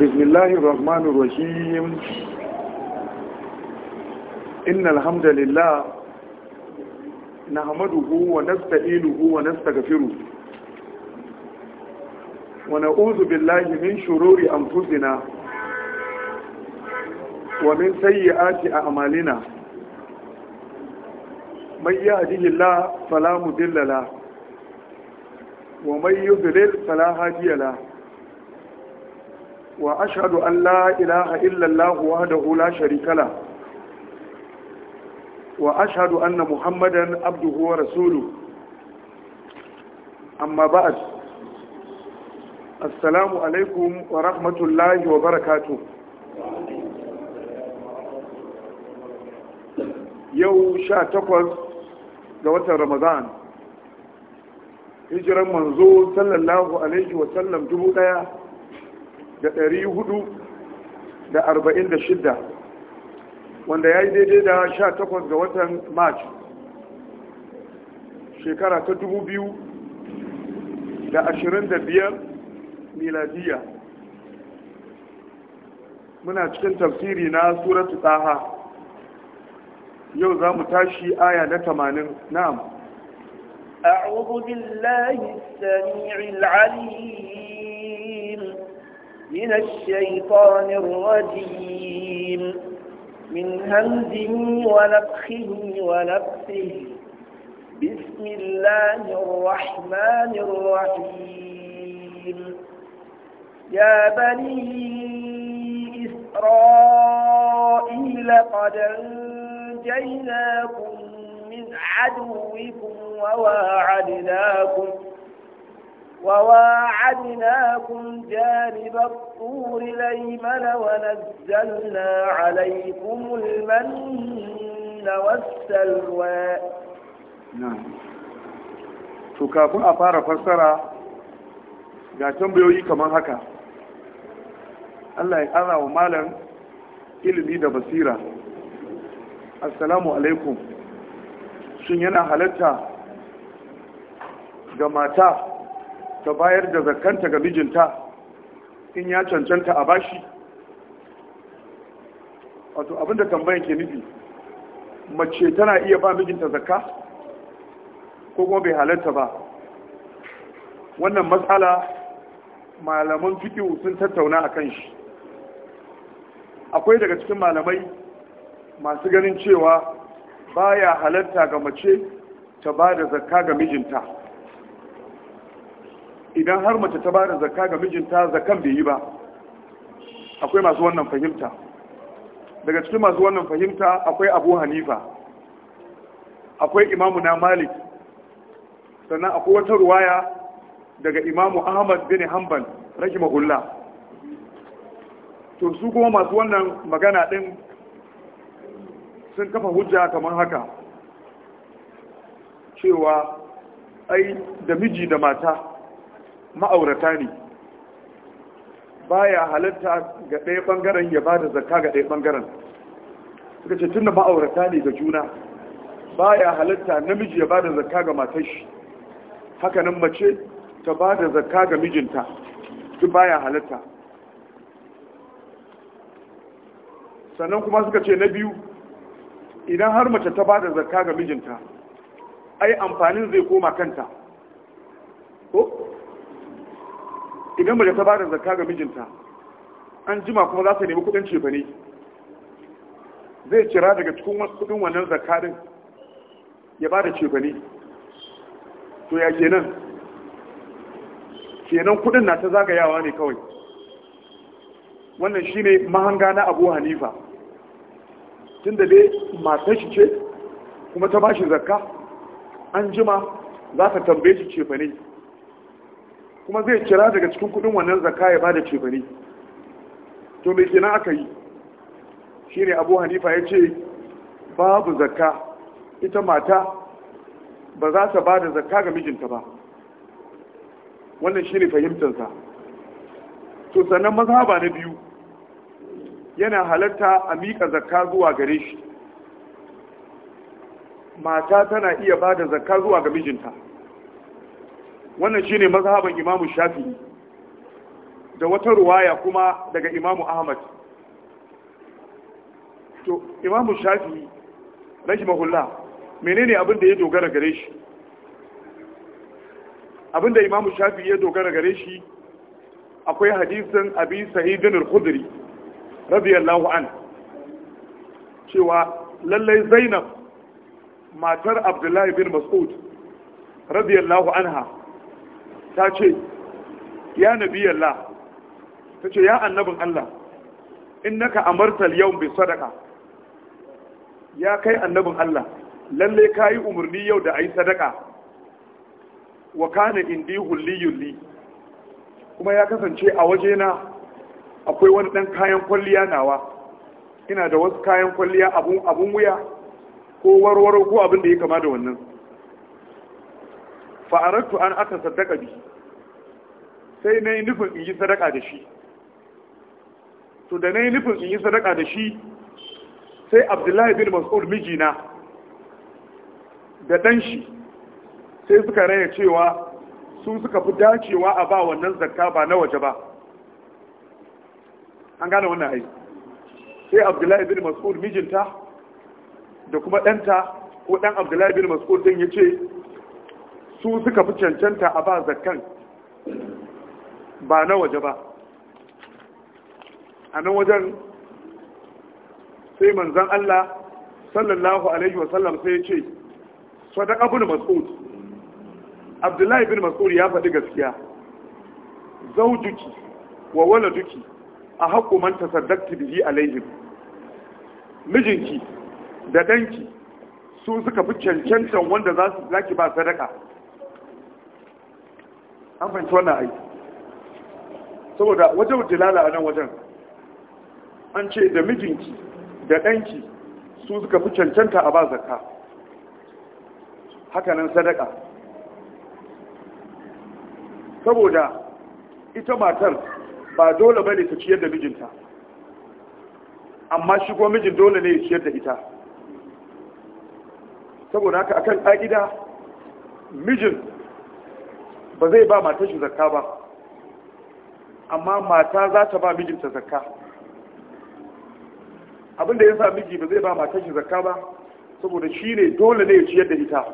بسم الله الرحمن الرحيم إن الحمد لله نحمده ونستئله ونستغفره ونعوذ بالله من شرور أنفسنا ومن سيئات أعمالنا من يهده الله فلا مدل له ومن يضلل فلا هادي له wa ashadu an la ilaha illallah wahdahu la sharika la wa ashadu anna muhammadan abduhu wa amma ba'd assalamu alaikum wa rahmatullahi wa barakatuh yau 18 ga watan ramadan hijiran manzo sallallahu alaihi wa sallam dubu ɗaya. da ɗari hudu da arba'in da shidda wanda ya yi daidai da sha takwas ga watan march shekara ta dubu biyu da ashirin da biyar miladiya muna cikin tafsiri na suratu tsaha yau za mu tashi aya na tamanin na'am أعوذ بالله السميع العليم من الشيطان الرجيم من همزه ونفخه ونفسه بسم الله الرحمن الرحيم يا بني إسرائيل قد أنجيناكم من عدوكم وواعدناكم وواعدناكم جانب الطور الأيمن ونزلنا عليكم المن والسلوى نعم to kafin a fara fassara ga tambayoyi kamar haka Allah ya ƙara wa malam ilimi da basira assalamu alaikum shin yana halarta ga mata ta bayar da zakanta ga mijinta in ya cancanta a bashi wato abinda tambayan ke nufi mace tana iya ba mijinta zakka ko kuma bai halarta ba wannan matsala malaman fikihu sun tattauna a kan shi akwai daga cikin malamai masu ganin cewa baya halarta ga mace ta ba da zakka ga mijinta idan har mace ta bada zakka ga mijinta zakkan bai yi ba akwai masu wannan fahimta daga cikin masu wannan fahimta akwai abu hanifa akwai imamu na malik sannan akwai wata ruwaya daga imamu ahmad bin hanbal rahimahullah to su kuma masu wannan magana din sun kafa hujja kamar haka cewa ai da miji da mata ma'aurata ne ba ya halatta ga ɗaya ɓangaren ya ba da zarka ga ɗaya ɓangaren suka ce tunda ma'aurata ne ga juna Ba ya halatta namiji ya ba da zarka ga matar shi hakanan mace ta ba da zarka ga mijinta duk ba ya halatta sannan kuma suka ce na biyu idan har mace ta ba da zarka ga mijinta ai amfanin zai koma kanta idan mace ta ba da zakka ga mijinta an jima kuma za ta nemi kudin cefa ne zai cira daga cikin kudin wannan zakka din ya ba da cefa ne to ya kenan kenan kudin na ta zagayawa ne kawai wannan shine mahanga na abu hanifa tunda dai matar shi ce kuma ta ba shi zakka an jima za ta tambaye shi cefa ne kuma zai kira daga cikin kudin wannan zakka ya bada cefane to me kenan aka yi shine Abu Hanifa ya ce babu zakka ita mata ba za ta bada zakka ga mijinta ba wannan shine fahimtar sa to sannan mazhaba na biyu yana halarta a mika zakka zuwa gare shi mata tana iya bada zakka zuwa ga mijinta wannan shi ne mazhaban imamu Shafi. da wata ruwaya kuma daga imamu ahmad to imamu Shafi rashi mahulla menene abinda ya dogara gare shi abinda imamu Shafi ya dogara gare shi akwai hadisun abi sahidin al-khudri radiyallahu an cewa lallai zainab matar abdullahi bin mas'ud radiyallahu anha ta ce ya nabi Allah ta ce ya annabin Allah in naka amartal yau bai sadaka ya kai annabin Allah lalle ka yi umarni yau da a yi sadaka wa kana indi hulli kuma ya kasance a waje na akwai wani ɗan kayan kwalliya nawa ina da wasu kayan kwalliya abun wuya ko warwaro ko abin da ya kama da wannan fa'arattu an aka saddaka biyu. sai na yi nufin in yi sadaka da shi to da na yi nufin in yi sadaka da shi sai abdullahi bin mas'ud mijina da ɗan shi sai suka raya cewa su suka fi dacewa a ba wannan zakka ba na waje ba an gane wannan hai sai abdullahi bin mas'ud mijinta da kuma ɗanta ko ɗan abdullahi bin mas'ud ɗin ya ce su suka fi cancanta a ba zakkan ba na waje ba a nan wajen sai manzan Allah sallallahu alaihi wasallam sai ya ce sadaka bin mas'ud abdullahi bin mas'ud ya faɗi gaskiya zaujuki wa waladuki a haƙo man tasaddaqti bihi alaihim mijinki da danki su suka fi cancantan wanda za su zaki ba sadaka an fahimci wannan aiki saboda wajen jilala a nan wajen an ce da mijinki da ɗanki su suka fi cancanta a ba zakka hakanan sadaka saboda ita matar ba dole bane ta ciyar da mijinta amma shi ko mijin dole ne ya ciyar da ita saboda haka akan ƙa'ida mijin ba zai ba matar shi zakka ba amma mata za ta ba mijinta zakka abinda ya sa miji ba zai ba matar shi zakka ba saboda shi ne dole ne ya ciyar da ita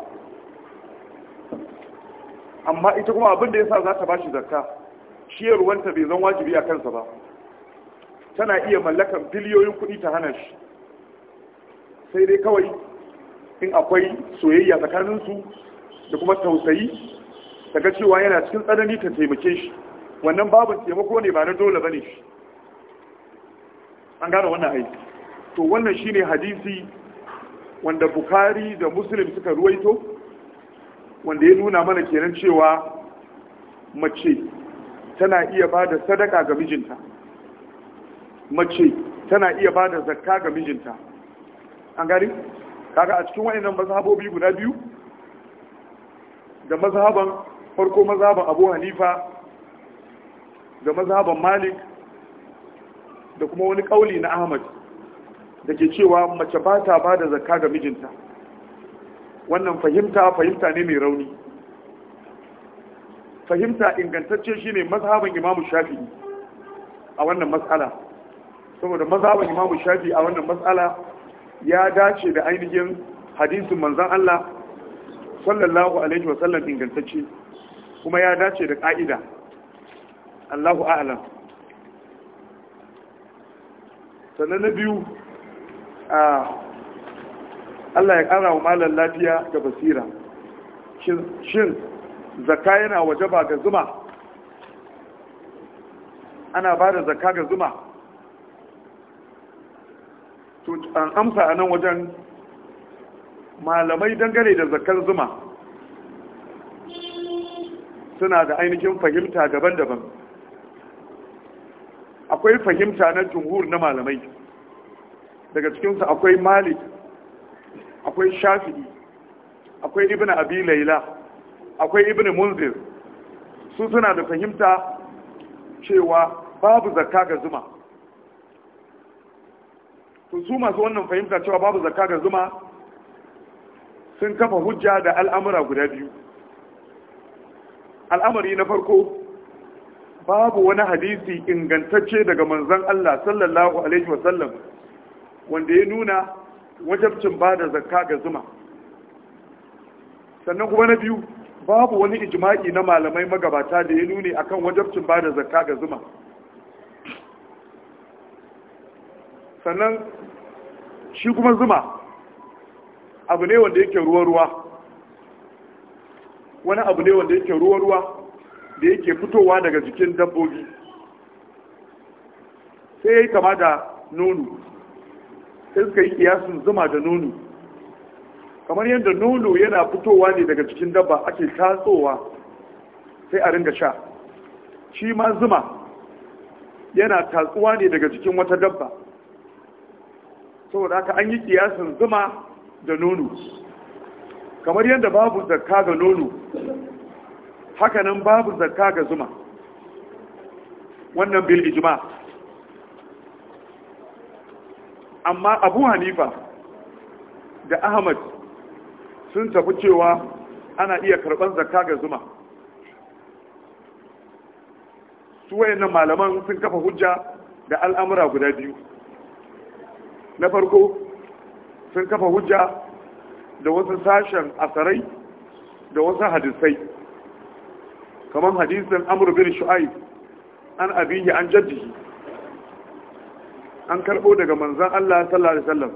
amma ita kuma abinda ya sa za ta ba shi zakka ciyarwanta bai zan wajibi a kansa ba tana iya mallakan biliyoyin kuɗi ta hana shi sai dai kawai in akwai soyayya tsakaninsu da kuma tausayi ta ga cewa yana cikin tsanani ta taimake shi wannan babu taimako ne ba na dole ba ne shi an gano wannan aiki to wannan shi ne hadisi wanda bukari da musulun suka ruwaito wanda ya nuna mana kenan cewa mace tana iya ba da sadaka ga mijinta mace tana iya ba da zakka ga mijinta an gani kaga a cikin waɗannan mazhabobi guda biyu da mazhaban farko mazhaban abu hanifa ga mazhaban malik da kuma wani kauli na ahmad da ke cewa mace ba ta ba da zakka ga mijinta wannan fahimta fahimta ne mai rauni fahimta ingantacce shine mazhaban imamu shafi'i a wannan matsala saboda mazhaban imamu shafi'i a wannan matsala ya dace da ainihin hadisin manzon Allah sallallahu alaihi wasallam ingantacce kuma ya dace da ka'ida Allahu a'lam sannan na biyu Allah ya ƙara wa malar lafiya da basira shin zaka yana waje ba ga zuma ana ba da zaka ga zuma an amsa a nan wajen malamai dangane da zakar zuma suna da ainihin fahimta daban-daban akwai fahimta na jumhur na malamai daga cikinsu akwai malik akwai shafi'i akwai ibn abi laila akwai ibn munzir su suna da fahimta cewa babu zakka ga zuma to su masu wannan fahimta cewa babu zakka ga zuma sun kafa hujja da al'amura guda biyu al'amari na farko babu wani hadisi ingantacce daga manzon Allah sallallahu alaihi wasallam wanda ya nuna wajabcin bada zakka ga zuma sannan kuma na biyu babu wani ijma'i na malamai magabata da ya nuni akan wajabcin bada zakka ga zuma sannan shi kuma zuma abu ne wanda yake ruwa-ruwa wani abu ne wanda yake ruwa-ruwa da yake fitowa daga jikin dabbobi sai ya yi kama da nono sai suka yi kiyasin zuma da nono kamar yadda nono yana fitowa ne daga cikin dabba ake tatsowa sai a ringa sha shi ma zuma yana tatsuwa ne daga jikin wata dabba saboda haka an yi kiyasin zuma da nono kamar yadda babu zarka ga nono hakanan babu zakka ga zuma wannan bil ijma amma abu hanifa da ahmad sun tafi cewa ana iya karɓar zakka ga zuma su wayannan malaman sun kafa hujja da al'amura guda biyu na farko sun kafa hujja da wasu sashen asarai da wasu hadisai kamar hadisin Amurbin bin shu'aib an abihi an jaddi an karbo daga manzan Allah sallallahu alaihi wasallam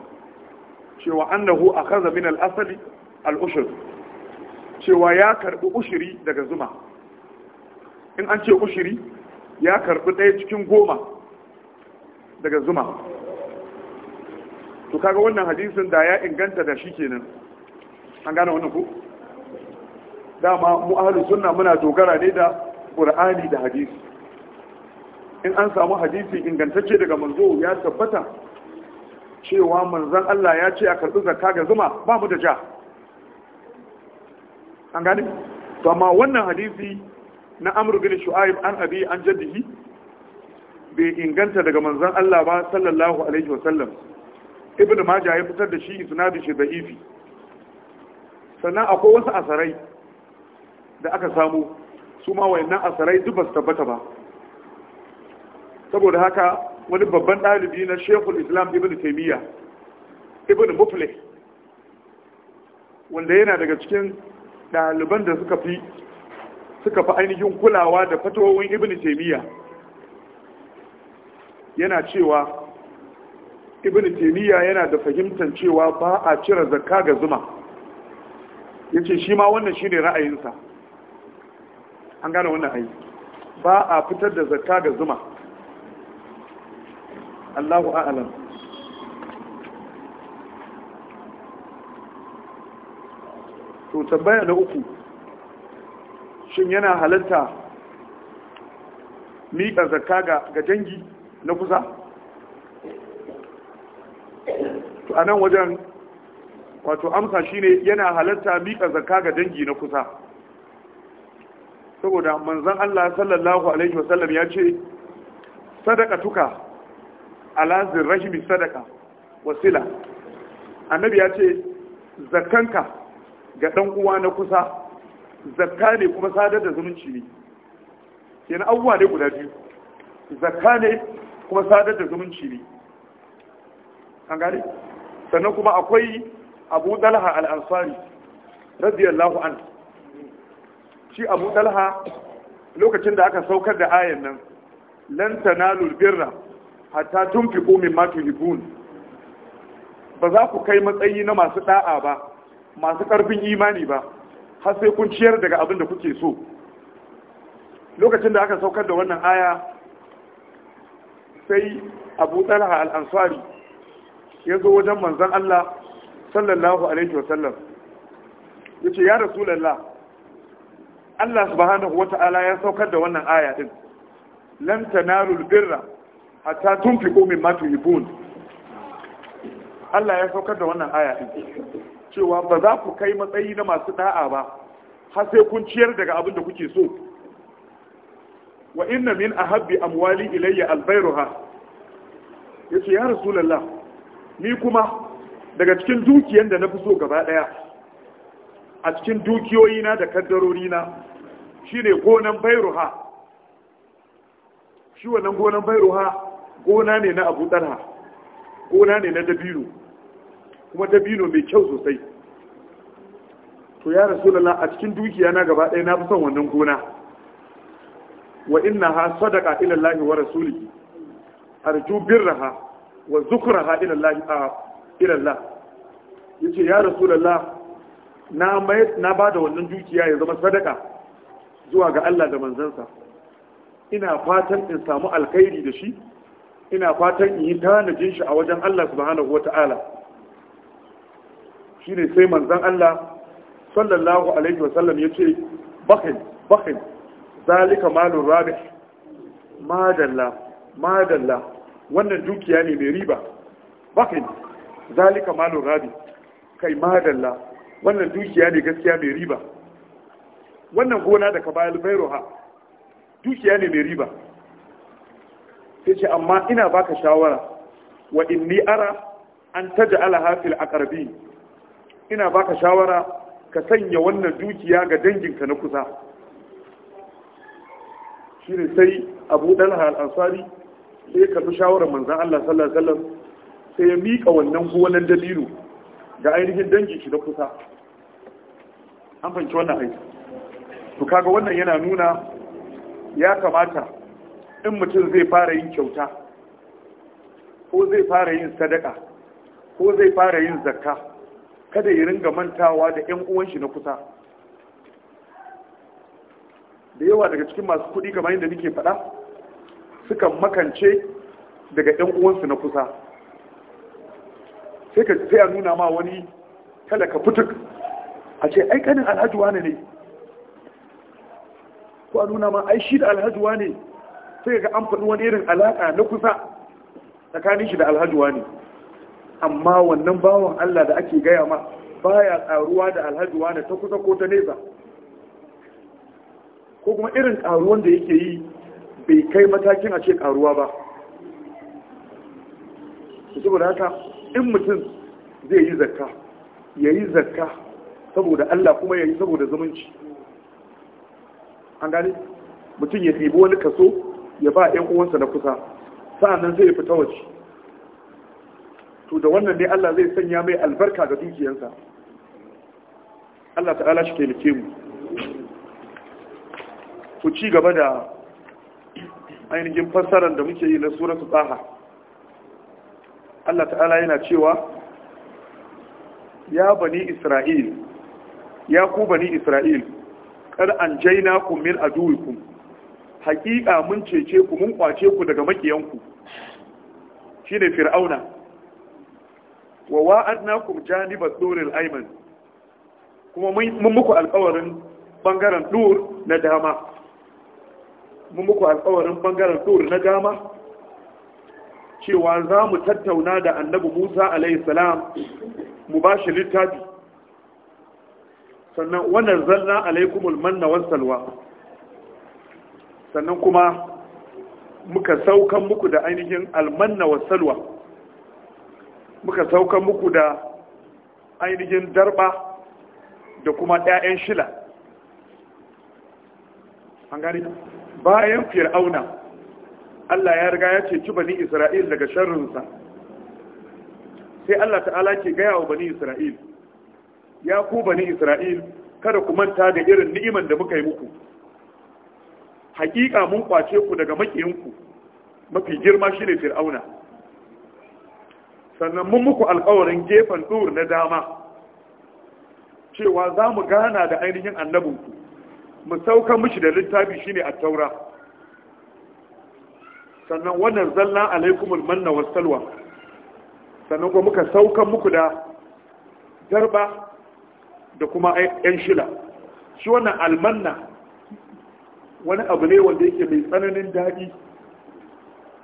cewa annahu akhadha min al-asali al-ushr cewa ya karbi ushiri daga zuma in an ce ushiri ya karbi ɗaya cikin goma daga zuma to kaga wannan hadisin da ya inganta da shi kenan an gane wannan ku dama mu ahlus sunna muna dogara ne da qur'ani da hadisi in an samu hadisi ingantacce daga manzo ya tabbata cewa manzon Allah ya ce a karbi zakka ga zuma ba mu da ja an gane to amma wannan hadisi na amr bin shu'aib an abi an jaddihi bai inganta daga manzon Allah ba sallallahu alaihi wasallam ibnu majah ya fitar da shi isnadi shi ifi. sannan akwai wasu asarai da aka samu su ma wayannan asarai duk ba tabbata ba saboda haka wani babban dalibi na shekul islam ibn taimiyya ibn mufle wanda yana daga cikin ɗaliban da suka fi suka fi ainihin kulawa da fatowar ibn taimiyya yana cewa ibn taimiyya yana da fahimtar cewa ba a cire zakka ga zuma yace ce shi ma wannan shine ra'ayinsa an gane wannan ai ba a fitar da zakka ga zuma Allahu a'lam to tambaya na uku shin yana halatta miƙa zakka ga dangi na kusa to a nan wajen wato amsa shine yana halatta miƙa zakka ga dangi na kusa saboda manzan Allah sallallahu alaihi wasallam ya ce sadaka tuka alazin rahimi sadaka wasila annabi ya ce zakanka ga ɗan uwa na kusa zakka ne kuma sadar da zumunci ne yana abubuwa ne guda biyu zakka ne kuma sadar da zumunci ne an gane sannan kuma akwai abu dalha al'ansari radiyallahu anhu shi abu talha lokacin da aka saukar da ayan nan lan tanalul birra hatta tunfiqu matu tuhibun ba za ku kai matsayi na masu ɗa'a ba masu ƙarfin imani ba har sai kun ciyar daga abin da kuke so lokacin da aka saukar da wannan aya sai abu talha al-ansari ya zo wajen manzon Allah sallallahu alaihi wasallam yace ya rasulullah Allah subhanahu wata'ala ya saukar da wannan aya din lam tanalu albirra hatta tunfiqu mimma tuhibun Allah ya saukar da wannan aya din cewa ba za ku kai matsayi na masu da'a ba har sai kun ciyar daga abin da kuke so wa inna min ahabbi amwali ilayya albayruha yace ya rasulullah ni kuma daga cikin dukiyar da na fi so gaba daya a cikin dukiyoyina da kaddarorina shine gonan bairuha shi wannan gonan bairuha gona ne na abu ɗarha gona ne na dabino kuma dabino mai kyau sosai to ya rasulala a cikin dukiya na gaba ɗaya na fi son wannan gona wa inna ha sadaka ilallahi wa rasulihi arju birraha wa zukraha ilallahi a ilallah yace ya rasulullah na na ba da wannan dukiya ya zama sadaka zuwa ga Allah da manzansa ina fatan in samu alkhairi da shi ina fatan in yi tanajin shi a wajen Allah subhanahu wata'ala shine sai manzan Allah sallallahu alaihi wasallam ce, Bakin, Bakin, zalika malur rabih madalla madalla wannan dukiya ne mai riba Bakin, zalika malur rabih kai madalla wannan dukiya ne gaskiya mai riba wannan gona da ka bayar bairoha dukiya ne mai riba sai ce amma ina baka shawara wa inni ara an taja Alhafil a karbi ina baka shawara ka sanya wannan dukiya ga danginka na kusa Shin sai Abu Dalha al sai ya shawarar manzan Allah sallallahu alaihi sai ya miƙa wannan gonan dalilu ga ainihin dangin shi na kusa an fahimci wannan aiki to kaga wannan yana nuna ya kamata in mutum zai fara yin kyauta ko zai fara yin sadaka ko zai fara yin zakka kada ya ringa mantawa da 'yan uwan shi na kusa da yawa daga cikin masu kuɗi kamar yadda nake faɗa sukan makance daga 'yan uwansu na kusa sai ka a nuna ma wani talaka fituk a ce ai kanin alhaji wane ne ko a nuna ma ai shi da alhaji ne sai ga an faɗi wani irin alaƙa na kusa tsakanin shi da alhaji wane amma wannan bawan Allah da ake gaya ma baya ƙaruwa da alhaji wane ta kusa ko ta nesa ko kuma irin ƙaruwan da yake yi bai kai matakin a ce ƙaruwa ba saboda haka in mutum zai yi zakka ya yi zakka saboda Allah kuma ya yi saboda zumunci an gani, mutum ya ɗibi wani kaso ya ba 'yan uwansa na kusa sa'annan zai fita waje to da wannan ne Allah zai sanya mai albarka ga dukiyarsa Allah ta'ala shi taimake mu ku ci gaba da ainihin fassarar da muke yi na suratul taha Allah ta'ala yana cewa ya bani isra'il ya ku bani isra'il kar an jaina ku min aduwikum hakika mun cece ku mun kwace ku daga makiyanku shine fir'auna wa wa'adnakum janibat duril ayman kuma mun muku alƙawarin bangaren dur na dama mun muku alƙawarin bangaren dur na dama cewa za mu tattauna da annabi Musa alaihi salam mu ba shi littafi sannan wannan zanna alaikumul manna wa salwa sannan kuma muka saukan muku da ainihin almanna wa salwa muka saukan muku da ainihin darba da kuma ɗayan shila an gari bayan fir'auna Allah ya riga ya ceci bani Isra'il daga sharrinsa sai Allah ta'ala ke gaya wa bani Isra'il ya ku bani isra'il kada ku manta da irin ni'iman da muka yi muku Haƙiƙa mun kwace ku daga makiyinku mafi girma shine fir'auna sannan mun muku alkawarin gefen dur na dama cewa za mu gana da ainihin annabinku mu sauka mishi da littafi shine a taura sannan wannan zalla alaikumul manna wassalwa sannan kuma muka sauka muku da darba da kuma yan shila shi wannan almanna wani abu ne wanda yake mai tsananin daɗi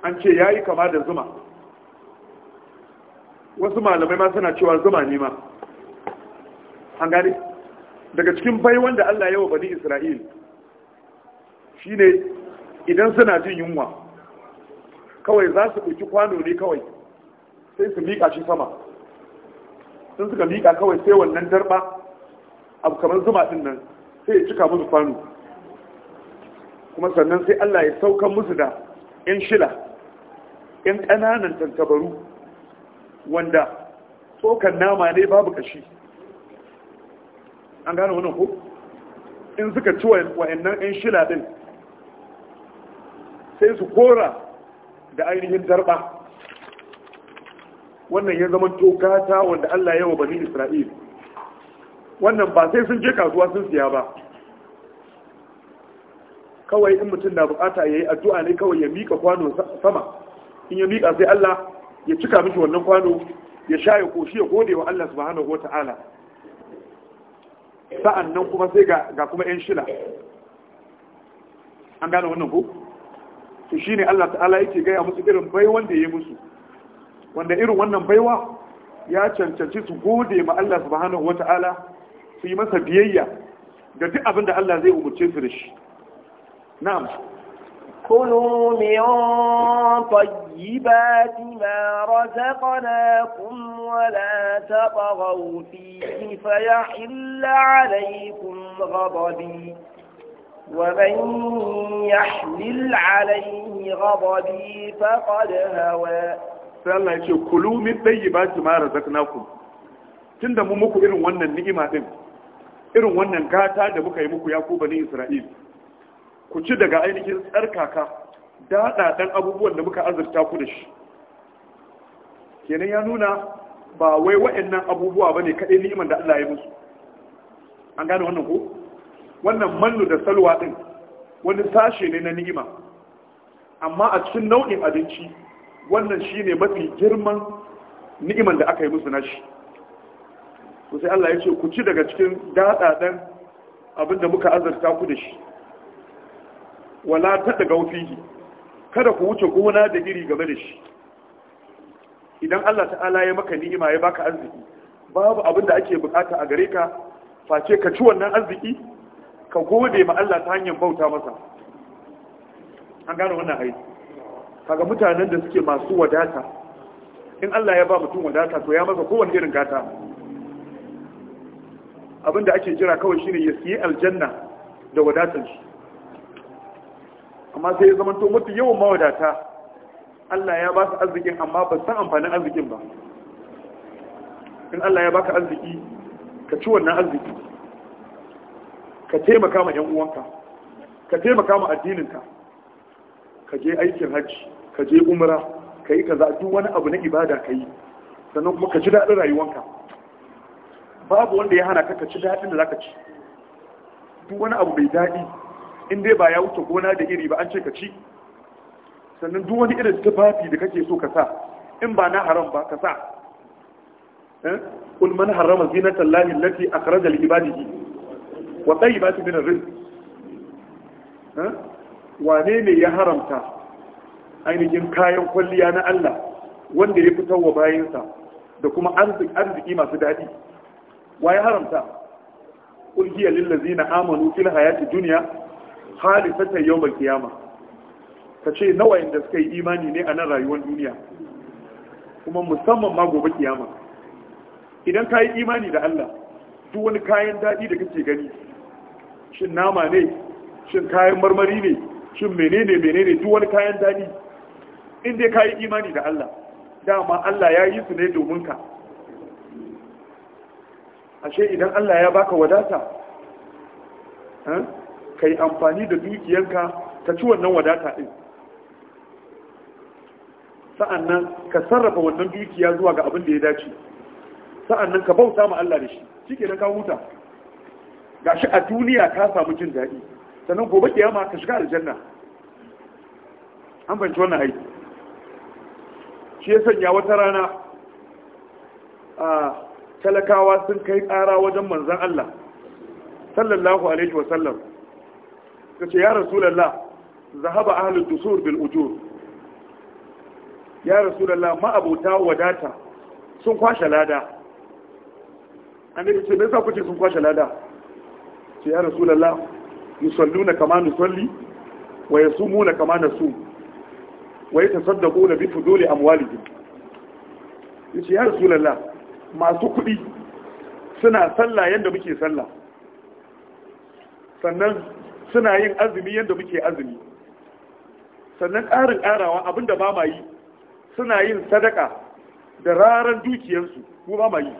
an ce ya yi kama da zuma wasu malamai ma suna cewa zuma ne ma an gane daga cikin bai wanda Allah yawa bani Isra'il shine idan suna jin yunwa kawai za su ɗauki kwano ne kawai sai su miƙa shi sama sun suka miƙa kawai sai wannan darba abu kamar zuma din nan sai ya cika musu kwano kuma sannan sai Allah ya saukan musu da yan shila yan ƙananan tantabaru wanda tsokan nama ne babu kashi an gane wannan ko in suka ci wa'annan yan shila din sai su kora da ainihin darba wannan ya zama toka ta wanda Allah ya wa bani Isra'il wannan ba sai sun je kasuwa sun siya ba kawai in mutum na bukata ya yi addu'a ne kawai ya miƙa kwano sama in ya miƙa sai Allah ya cika miki wannan kwano ya sha ya koshi ya gode wa Allah subhanahu wa ta'ala sa'an nan kuma sai ga kuma ‘yan shila an gane wannan ko? to shi ne Allah ta'ala yake gaya musu irin bai wanda ya yi musu wanda irin wannan baiwa ya cancanci su gode ma Allah subhanahu wa ta'ala su yi masa biyayya ga duk abin da Allah zai umarce su da shi. Na'am. Kulu min tayyibati ma razaqnakum wa la taghaw fihi fa yahillu 'alaykum ghadabi wa man yahlil 'alayhi ghadabi faqad hawa sallan ce kulu min tayyibati ma razaqnakum tunda mu muku irin wannan ni'ima din irin wannan gata da muka yi muku ya ku bani isra'il ku ci daga ainihin tsarkaka daɗaɗen abubuwan da muka azurta ku da shi kenan ya nuna ba wai wa'annan abubuwa ba ne kaɗai ni'imar da Allah ya musu an gane wannan ko wannan mallu da salwa ɗin wani sashe ne na ni'ima amma a cikin nau'in abinci wannan shi ne mafi girman ni'iman da aka yi musu nashi to sai Allah ya ce ku ci daga cikin dadadan abinda muka azarta ku da shi wala ta daga wufihi kada ku wuce gona da iri game da shi idan Allah ta'ala ya maka ni'ima ya baka arziki babu abinda ake bukata a gare ka face ka ci wannan arziki ka gode ma Allah ta hanyar bauta masa an gane wannan hai kaga mutanen da suke masu wadata in Allah ya ba mutum wadata to ya masa kowanne irin gata abinda ake jira kawai shine ya siye aljanna da wadatar shi amma sai ya zamanto mutu yawan mawadata Allah ya ba su arzikin amma ba san amfanin arzikin ba in Allah ya baka arziki ka ci wannan arziki ka taimaka ma yan uwanka ka taimaka ma addininka ka je aikin hajji ka je umra ka yi kaza duk wani abu na ibada ka yi sannan kuma ka ji daɗin rayuwanka babu wanda ya hana ka ka ci daɗin da zaka ci duk wani abu mai daɗi in dai ba ya wuce gona da iri ba an ce ka ci sannan duk wani irin tufafi da kake so ka sa in ba na haram ba ka sa قل من حرم زينة الله التي أخرج ba وطيبات من الرزق wane ne ya haramta ainihin kayan kwalliya na Allah wanda ya fita wa bayansa da kuma arziki masu daɗi waye haramta kul hiya lil ladina amanu fil hayati dunya khalisatan yawm al qiyamah kace nawa inda suka yi imani ne a nan rayuwar duniya kuma musamman ma gobe kiyama idan ka yi imani da Allah duk wani kayan daɗi da kake gani shin nama ne shin kayan marmari ne shin menene menene duk wani kayan daɗi in dai ka yi imani da Allah dama Allah ya yi su ne domin ka ashe idan Allah ya baka wadata eh, ka yi amfani da dukiyanka ka ci wannan wadata ɗin sa'annan ka sarrafa wannan dukiya zuwa ga abin da ya dace sa'annan ka bauta ma Allah da shi cike na ka huta shi a duniya ka samu jin daɗi sannan gobe kiyama ka shiga aljanna an banci wannan aiki shi ya sanya wata rana a ah, talakawa sun kai tsara wajen manzan Allah sallallahu alaihi wasallam ta ce ya rasulallah zahaba ahlul dusur bil ujur ya rasulallah ma'abuta wadata sun kwashe lada An annabi ce me yasa kuke sun kwashe lada ce ya rasulallah yusalluna kama nusalli wa na kama su? wa ya na bi fuduli amwalihim yace ya rasulallah masu kuɗi suna sallah yadda muke sallah sannan suna yin azumi yadda muke azumi sannan ƙarin ƙarawa abinda ba ma yi suna yin sadaka da rarar dukiyarsu ko ba ma yi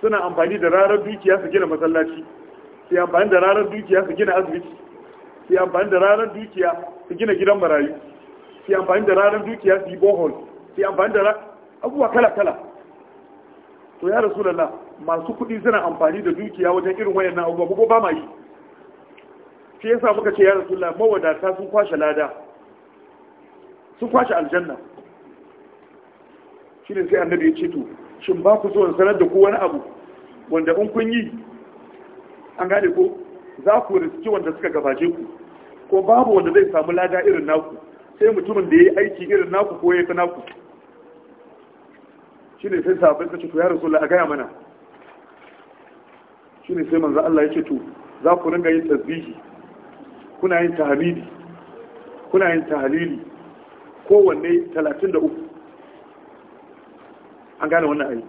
suna amfani da rarar dukiya su gina masallaci sai amfani da rarar dukiya su gina azumi, sai amfani da rarar dukiya su gina gidan marayu sai amfani da rarar dukiya su yi bohol sai amfani da abubuwa kala-kala to ya rasu lalla masu kudi suna amfani da dukiya wajen irin wayan nan abubuwa ko ba ma yi shi yasa muka ce ya rasu lalla mawadata sun kwashe lada sun kwashe aljanna shi ne sai annabi ya ce to shin ba ku so in sanar da ku wani abu wanda in kun yi an gane ko za ku riski wanda suka gabaje ku ko babu wanda zai samu lada irin naku sai mutumin da ya yi aiki irin naku ko ya fi naku shine sai sabai ka ce to ya rasulullah a gaya mana shine sai manzo Allah ya ce to za ku ringa yin tasbihi kuna yin tahmidi kuna yin tahlili kowanne 33 an gane wannan ayi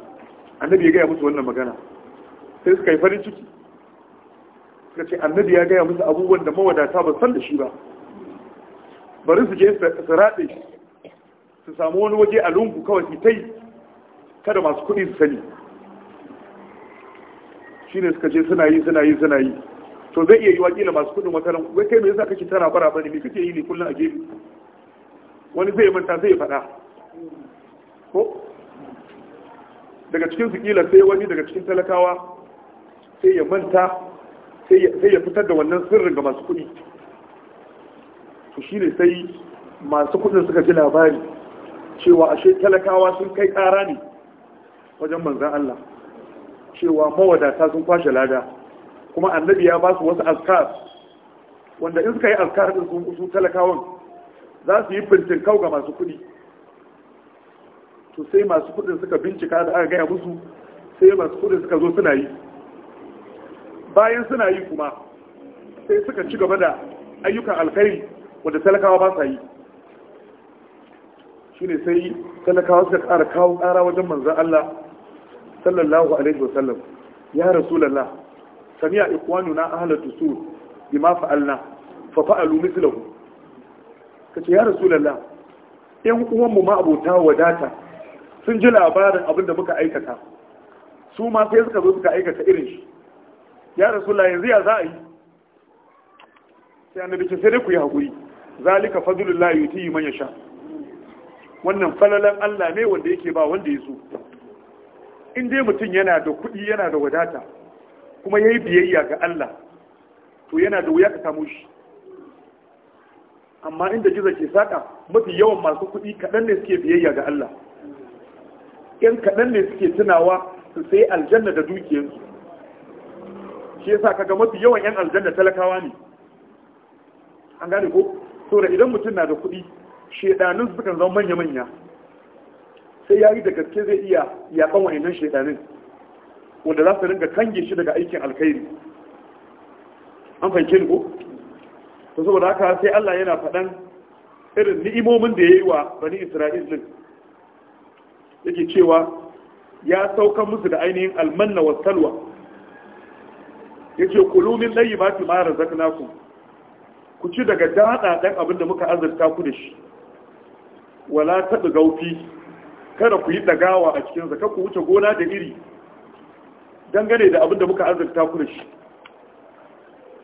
annabi ya gaya musu wannan magana sai suka yi farin ciki suka ce annabi ya gaya musu abubuwan da mawadata ba san da shi ba bari su je su raɗe su samu wani waje a lungu kawai su ta yi kada masu kuɗi su sani shi ne suka ce suna yi suna yi suna yi to zai iya yi wakila masu kuɗin wata ran wai kai me yasa kake tara bara bane me kake yi ne kullum a gefe wani zai manta zai faɗa ko daga cikin su sai wani daga cikin talakawa sai ya manta sai ya fitar da wannan sirrin ga masu kuɗi to shi ne sai masu kuɗin suka ji labari cewa ashe talakawa sun kai ƙara ne wajen manzan Allah cewa mawadata sun kwashe lada kuma annabi ya ba su wasu askar. wanda in suka yi askar din su talakawan za su yi fintin kau ga masu kuɗi to sai masu kuɗin suka bincika da aka gaya musu sai masu kuɗin suka zo suna yi bayan suna yi kuma sai suka ci gaba da ayyukan alkhairi wanda talakawa ba sa yi shine sai talakawa suka kara kawo ƙara wajen manzan Allah sallallahu alaihi wasallam ya rasulullah sami'a ikwanuna ahla dusur bima fa'alna fa fa'alu mithluhu kace ya rasulullah yan uwan mu ma abota wadata sun ji labarin abin da muka aikata su ma sai suka zo suka aikata irin shi ya rasulullah yanzu ya za a yi sai annabi ce sai dai ku yi hakuri zalika fadlullahi yuti man yasha wannan falalan Allah ne wanda yake ba wanda ya so in dai mutum yana da kuɗi yana da wadata kuma ya yi biyayya ga Allah to yana da wuya ka samu shi amma inda gizo ke saƙa mafi yawan masu kuɗi kaɗan ne suke biyayya ga Allah ƴan kaɗan ne suke tunawa su sai aljanna da dukiyarsu shi yasa kaga mafi yawan ƴan aljanna talakawa ne an gane ko saboda idan mutum na da kuɗi shedanun sukan zama manya-manya sai ya yi da gaske zai iya wa wa'annan shaidanin wanda za su ringa kange shi daga aikin alkhairi an fahimce ni ko to saboda haka sai Allah yana faɗan irin ni'imomin da ya yi wa bani Isra'il din yake cewa ya sauka musu da ainihin almanna wa salwa yace kulu min layyibati ma razaqnakum ku ci daga dada dan abin da muka azurta ku da shi wala gaufi. kada ku yi dagawa a cikin zaka ku wuce gona da iri dangane da abinda da muka arzikta ku da shi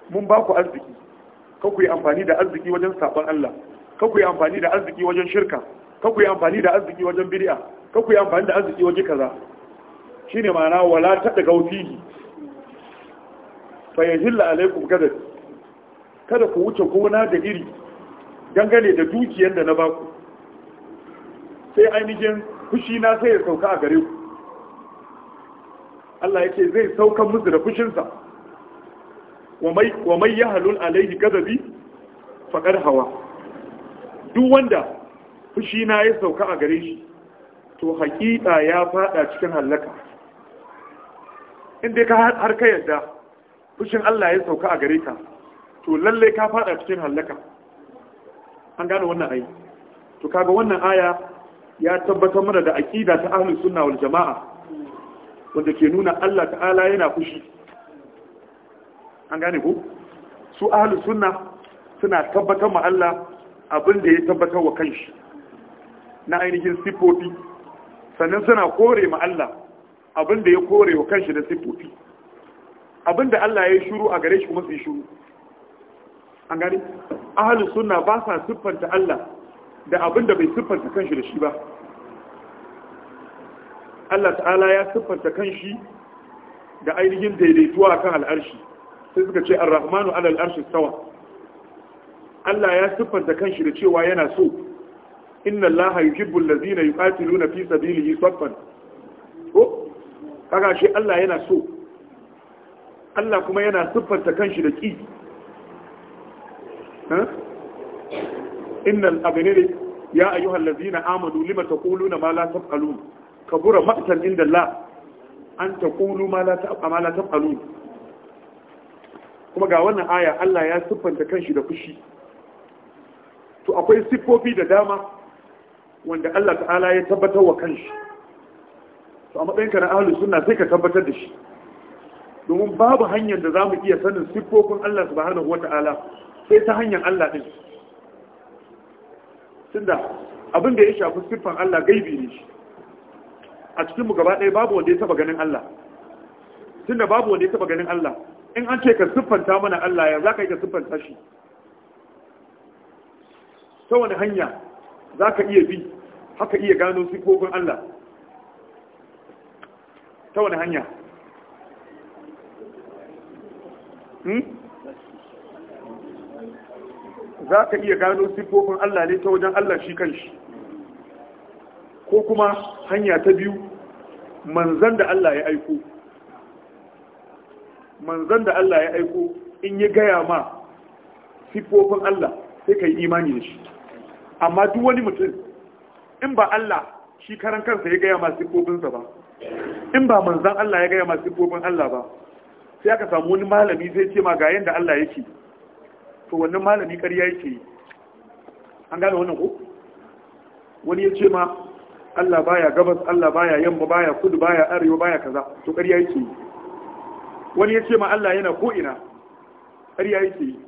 mun ba ku arziki ka ku yi amfani da arziki wajen sabon Allah ka ku yi amfani da arziki wajen shirka ka ku yi amfani da arziki wajen bid'a ka ku yi amfani da arziki wajen kaza shine ma'ana wala ta daga wufi fa yajil alaikum kada kada ku wuce gona da iri dangane da dukiyar da na baku sai ainihin fushi na sai ya sauka a gare ku Allah ya ce zai saukan musu da fushinsa wa mai ya halun alaihi gazabi faƙar hawa duk wanda fushi na ya sauka a gare shi to haƙiƙa ya faɗa cikin hallaka inda ka har ka yadda fushin Allah ya sauka a gare ka to lalle ka faɗa cikin hallaka an gane wannan ayi to kaga wannan aya ya tabbatar mana da aƙida ta ahlus sunna wal jama'a wanda ke nuna Allah ta'ala yana fushi an gane ko su ahlus sunna suna tabbatar ma Allah abin da ya tabbatar wa kanshi na ainihin sifofi sannan suna kore ma Allah abin da ya kore wa kanshi da sifofi abin da Allah ya yi shuru a gare shi kuma su yi shuru an gane? ahlus sunna ba sa siffanta Allah da abin da bai siffanta kanshi da shi ba Allah ta'ala ya siffanta kanshi da ainihin daidaituwa akan al'arshi sai suka ce ar-rahmanu ala al-'arshi sawa Allah ya siffanta kanshi da cewa yana so inna allaha yuhibbu allazina yuqatiluna fi sabilihi saffan ko kaga shi Allah yana so Allah kuma yana siffanta kanshi da ki innal abinire ya ayyuhal ladzina amanu lima na ma la Ka bura maqtan inda la an taqulu ma la taf'alun kuma ga wannan aya Allah ya siffanta kanshi da fushi to akwai siffofi da dama wanda Allah ta'ala ya tabbatar wa kanshi to a matsayinka na ahlus sai ka tabbatar da shi domin babu hanyar da zamu iya sanin siffofin Allah subhanahu ta'ala sai ta hanyar Allah ɗin. tunda abin da ya shafi siffan Allah gaibi ne shi a cikin mu gaba ɗaya babu wanda ya taba ganin Allah tunda babu wanda ya taba ganin Allah in an ce ka siffanta mana Allah ya zaka yi ka siffanta shi ta wani hanya zaka iya bi haka iya gano siffofin Allah ta wani hanya hmm? za ka iya gano siffofin Allah ne ta wajen Allah shi kanshi ko kuma hanya ta biyu manzan da Allah ya aiko manzan da Allah ya aiko in ya gaya ma siffofin Allah sai ka yi imani da shi amma duk wani mutum in ba Allah shi karan kansa ya gaya ma siffofinsa ba in ba manzan Allah ya gaya ma siffofin Allah ba sai aka samu wani malami zai ce ma ga yanda Allah yake to wannan malami ƙarya yake yi an gane wannan ko wani ya ce ma Allah baya gabas Allah baya yamma baya kudu baya arewa baya kaza to ƙarya yake yi wani ya ce ma Allah yana ko ina ƙarya yake yi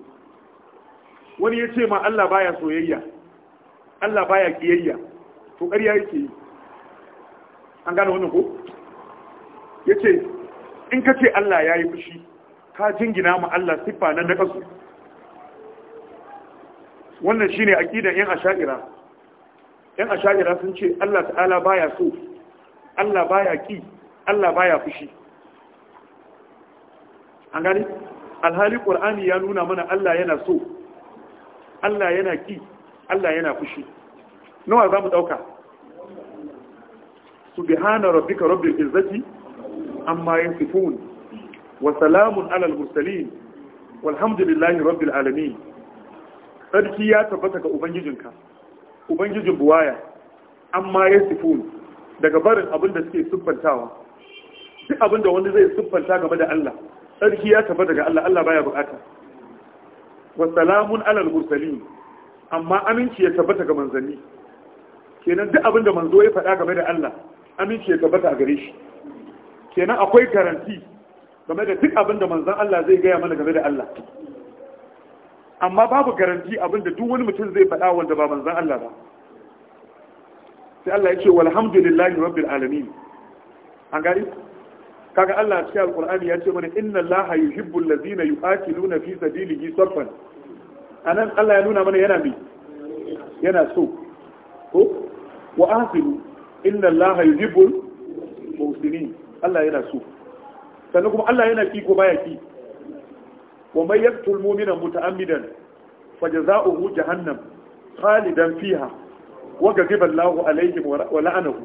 wani ya ce ma Allah baya soyayya Allah baya kiyayya to ƙarya yake yi an gane wannan ko ya ce in ka ce Allah ya yi fushi ka jingina ma Allah siffa na kasu wannan shine aqidan yan asha'ira yan asha'ira sun ce Allah ta'ala baya so Allah baya ƙi, Allah baya fushi an gani alhali ƙur'ani ya nuna mana Allah yana so Allah yana ƙi, Allah yana fushi nawa za mu ɗauka? zamu dauka subhana rabbika rabbil izzati amma yasifun wa salamun alal mursalin walhamdulillahi rabbil alamin sarki ya tabbata ga ubangijinka ubangijin buwaya amma ya sifu daga barin abin da suke siffantawa duk abin da wani zai siffanta game da Allah sarki ya tabbata ga Allah Allah baya bukata wa salamun alal mursalin amma aminci ya tabbata ga manzanni kenan duk abin da manzo ya faɗa game da Allah aminci ya tabbata a gare shi kenan akwai garanti game da duk abin da manzon Allah zai gaya mana game da Allah amma babu garanti abinda duk wani mutum zai faɗa wanda ba manzan Allah ba sai Allah ya ce walhamdulillahi rabbil alamin an gari kaga Allah cikin alqur'ani ya ce mana inna allaha yuhibbul ladina yuqatiluna fi sabilihi saffan anan Allah ya nuna mana yana bi yana so ko wa asilu inna allaha yuhibbul muhsinin Allah yana so sannan kuma Allah yana fi ko baya fi. wa man yaqtul mu'mina muta'ammidan fajza'uhu jahannam khalidan fiha wa ghadiba Allahu alayhi wa la'anahu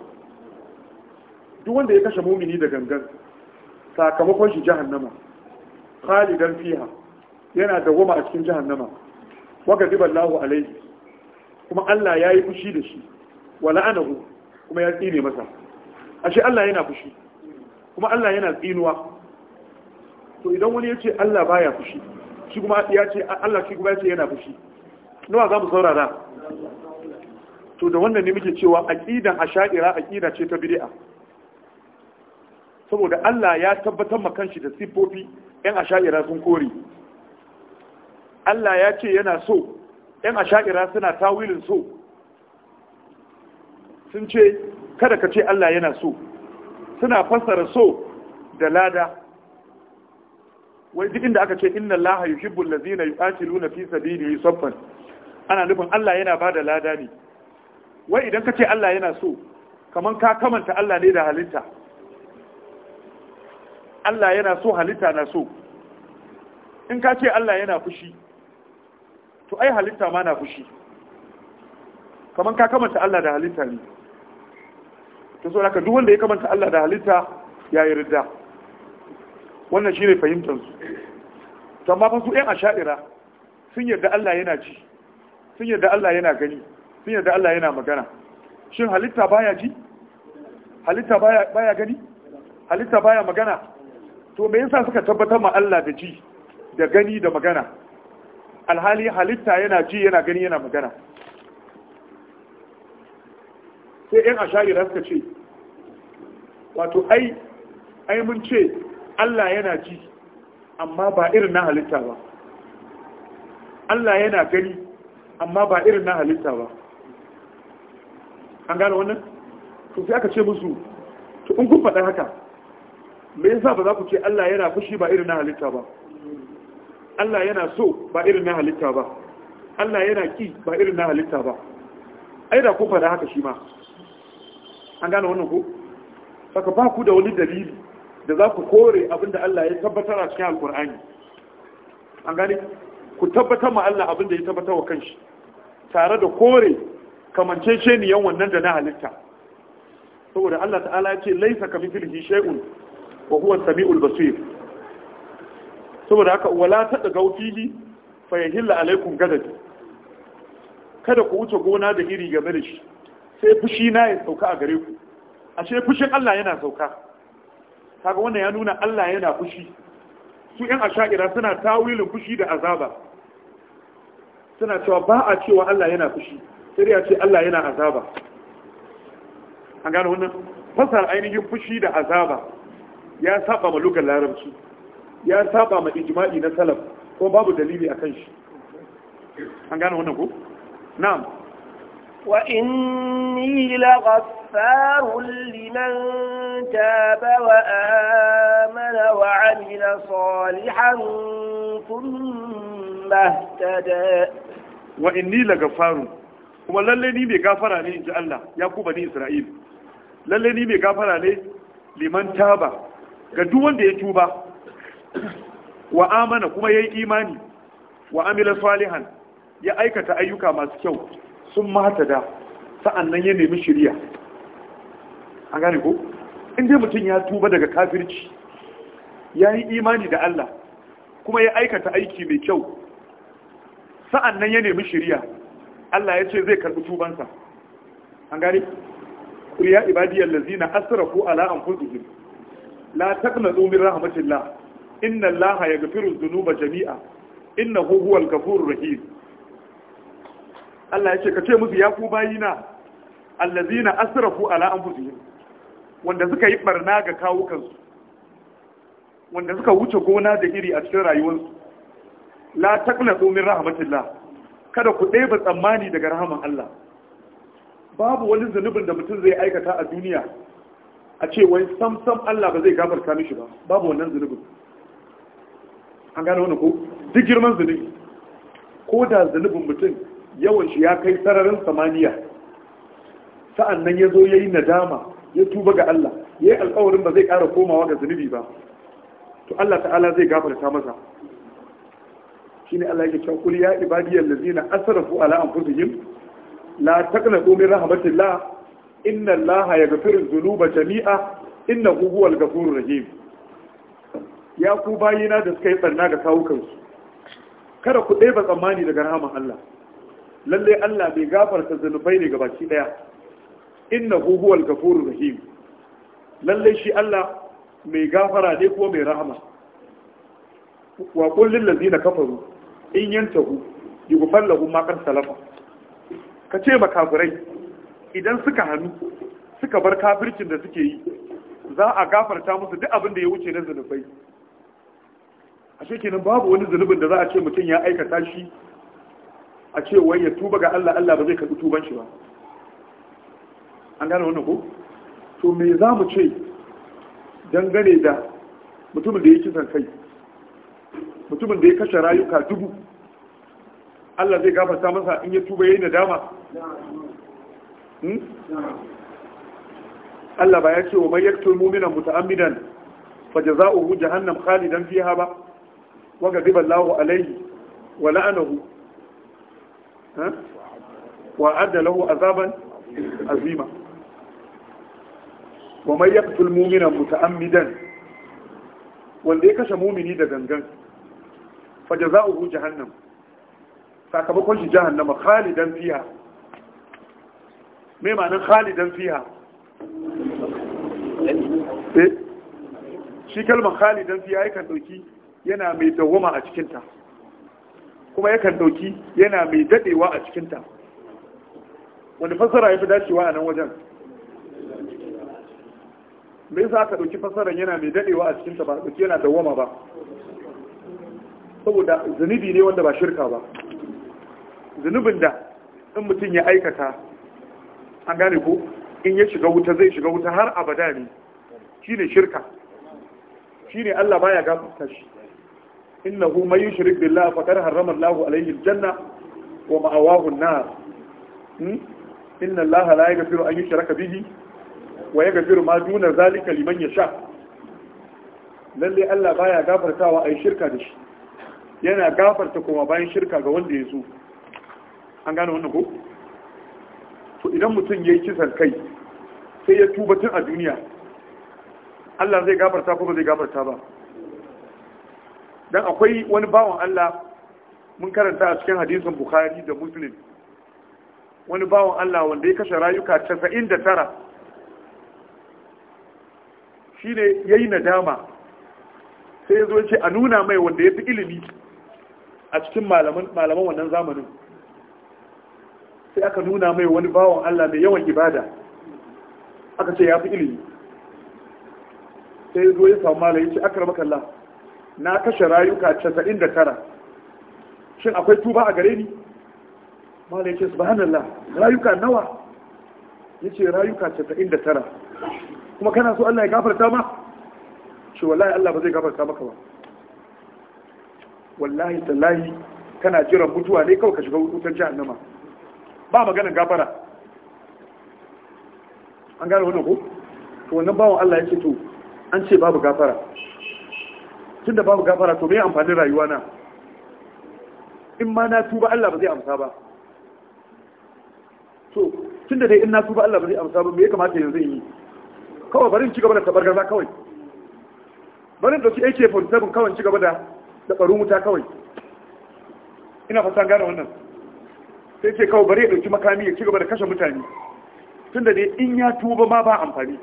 duk wanda ya kashe mu'mini da gangan sakamakon shi jahannama khalidan fiha yana dawama a cikin jahannama wa ghadiba Allahu alaihi, kuma Allah ya yi fushi da shi wa la'anahu kuma ya tsine masa ashe Allah yana fushi kuma Allah yana tsinuwa to idan wani ya ce Allah baya fushi shi kuma ya ce Allah shi kuma ya ce yana fushi nawa za mu saurara to da wannan ne muke cewa aqidan asha'ira aqida ce ta bid'a saboda Allah ya tabbatar ma kanshi da sifofi yan asha'ira sun kore Allah ya ce yana so yan asha'ira suna tawilin so sun ce kada ka ce Allah yana so suna fassara so da lada wai duk inda aka ce inna allaha yuhibbu allazina yuqatiluna fi sabilihi saffan ana nufin Allah yana bada lada ne wai idan ka Allah yana so kaman ka kamanta Allah ne da halitta Allah yana so halitta na so in ka ce Allah yana fushi to ai halitta ma na fushi kaman ka kamanta Allah da halitta ne to so haka duk wanda ya kamanta Allah da halitta ya yi ridda wannan shi ne fahimtansu amma fa su 'yan asha'ira sun yarda Allah yana ji sun yarda Allah yana gani sun yarda Allah yana magana shin halitta baya ji halitta baya gani halitta baya magana to me yasa suka tabbatar ma Allah da ji da gani da magana alhali halitta yana ji yana gani yana magana sai 'yan asha'ira suka ce wato ai ai mun ce Allah yana ji amma ba irin na halitta ba Allah yana gani amma ba irin na halitta ba an gane wannan to sai aka ce musu to in kun faɗa haka me yasa ba za ku ce Allah yana fushi ba irin na halitta ba Allah yana so ba irin na halitta ba Allah yana ki ba irin na halitta ba ai da ku faɗa haka shi ma an gane wannan ko saka ba ku da wani dalili da za ku kore abin da Allah ya tabbatar a cikin alkur'ani an gani. ku tabbatar ma Allah abin da ya tabbatar wa kanshi tare da kore kamancece ni yan wannan da na halitta saboda Allah ta'ala ya ce laisa kamithlihi shay'un wa huwa samiul basir saboda haka wala tadgau fa yahilla alaikum gadad kada ku wuce gona da iri game da shi sai fushi na ya sauka a gare ku ashe fushin Allah yana sauka kaga wannan ya nuna Allah yana fushi su yan asha'ira suna tawilin fushi da azaba suna cewa ba a cewa Allah yana fushi sai ya ce Allah yana azaba an gano wannan fasar ainihin fushi da azaba ya saba ma lugar larabci ya saba ma ijma'i na salaf ko babu dalili akan shi an gano wannan ko na'am wa inni laghaf كفار لمن تاب وآمن وعمل صالحا ثم اهتدى وإني لغفار kuma lalle ni mai gafara ne inji Allah ya ku bani Isra'il lalle ni mai gafara ne liman taba ga duk wanda ya tuba wa amana kuma yayi imani wa amila salihan ya aikata ayyuka masu kyau sun mata da sa'annan ya nemi shirya an gane ko in dai mutum ya tuba daga kafirci ya yi imani da Allah kuma ya aikata aiki mai kyau sa'an nan ya nemi shirya Allah ya ce zai karɓi tubansa an gane kuriya ibadiyar lazina asrafu ala anfusihim la tsomin min rahmatillah inna allaha yaghfiru dhunuba jami'a Inna huwal ghafurur rahim Allah ya ce ka ce musu ya ku bayina allazina asrafu ala anfusihim wanda suka yi barna ga kawukansu wanda suka wuce gona da iri a cikin rayuwarsu la taqna min rahmatillah kada ku ɗeba tsammani daga rahaman Allah babu wani zunubin da mutum zai aikata a duniya a ce wai sam sam Allah ba zai gafarta mishi ba babu wannan zunubin an gane wani ko duk girman zunubi ko da zunubin mutum yawan shi ya kai sararin samaniya sa'an nan ya zo ya yi nadama ya tuba ga Allah ya yi alkawarin ba zai ƙara komawa ga zunubi ba to Allah ta'ala zai gafarta masa shine Allah ya cewa kul ya ibadiyal ladzina asrafu ala anfusihim la taqnatu min rahmatillah inna Allah yaghfiru dhunuba jami'a innahu huwal ghafurur rahim ya ku bayina da suka yi barna ga kawukansu kada ku ɗeba tsammani daga rahaman Allah Lallai Allah bai gafarta zunubai ne gabaki ɗaya innahu huwal gafurur rahim lalle shi Allah mai gafara ne ko mai rahama wa qul lil ladina kafaru in yantahu yughfar lahum ma qad salafa kace ba kafirai idan suka hannu suka bar kafircin da suke yi za a gafarta musu duk abin da ya wuce na zunubai ashe kenan babu wani zunubin da za a ce mutum ya aikata shi a ce wai ya tuba ga Allah Allah ba zai karbi tuban shi ba an gane wannan ko to me za mu ce dangane da mutumin da ya kisan kai mutumin da ya kashe rayuka dubu Allah zai gafarta masa in ya tuba yayin nadama hmm? Allah ba ya ce wa mayyaktul mu'mina muta'ammidan fajaza'uhu jahannam khalidan fiha ba wa ghadiba Allahu alayhi wa la'anahu wa adda azaban azima wa mai yaqtul mu'mina muta'ammidan wanda ya kashe mumini da gangan za a jazaohu hannun sakamakon shi jahannama khalidan fiya. me ma'anar khalidan fiya eh shi kalmar khalidan ya yakan dauki yana mai dawoma a cikinta kuma yakan dauki yana mai dadewa a cikinta wani fassara ya fi dacewa a nan wajen me yasa aka dauki fasarar yana mai dadewa a cikin ta ba ɗauki yana da woma ba saboda zunubi ne wanda ba shirka ba zunubin da in mutum ya aikata an gane ko in ya shiga wuta zai shiga wuta har abada ne shine shirka shine Allah baya gafarta shi innahu may yushrik billahi faqad harrama Allahu alayhi aljanna wa ma'awahu an-nar hmm? inna Allah la yaghfiru an yushraka bihi wa ya gafiru ma duna zalika liman ya sha lalle Allah baya gafartawa ai shirka da shi yana gafarta kuma bayan shirka ga wanda ya zo. an gane wannan ko to idan mutum ya yi kisan kai sai ya tuba tun a duniya Allah zai gafarta ko ba zai gafarta ba dan akwai wani bawan Allah mun karanta a cikin hadisin Bukhari da Muslim wani bawan Allah wanda ya kashe rayuka 99 shine yayi nadama sai yazo ce a nuna mai wanda yafi ilimi a cikin malaman malaman wannan zamanin sai aka nuna mai wani bawon Allah mai yawan ibada aka ce yafi ilimi sai yazo ya samu malai yace akramaka Allah na kashe rayuka 99 shin akwai tuba a gare ni malai yace subhanallah rayuka nawa yace rayuka 99 kuma kana so Allah ya gafarta ma shi wallahi Allah ba zai gafarta maka ba wallahi tallahi kana jiran mutuwa ne kawai ka shiga wutar jahannama ba maganin gafara an gane wannan ko to wannan bawo Allah yake to an ce babu gafara tunda babu gafara to me amfanin rayuwa na in ma na tuba Allah ba zai amsa ba to tunda dai in na tuba Allah ba zai amsa ba me ya kamata yanzu in yi kawai barin ci gaba da tabargaza kawai barin da su ake fontabin kawai ci gaba da tabarun wuta kawai ina fasa gane wannan sai ce kawai bari ya ɗauki makami ya ci gaba da kashe mutane tun da dai in ya tuba ma ba amfani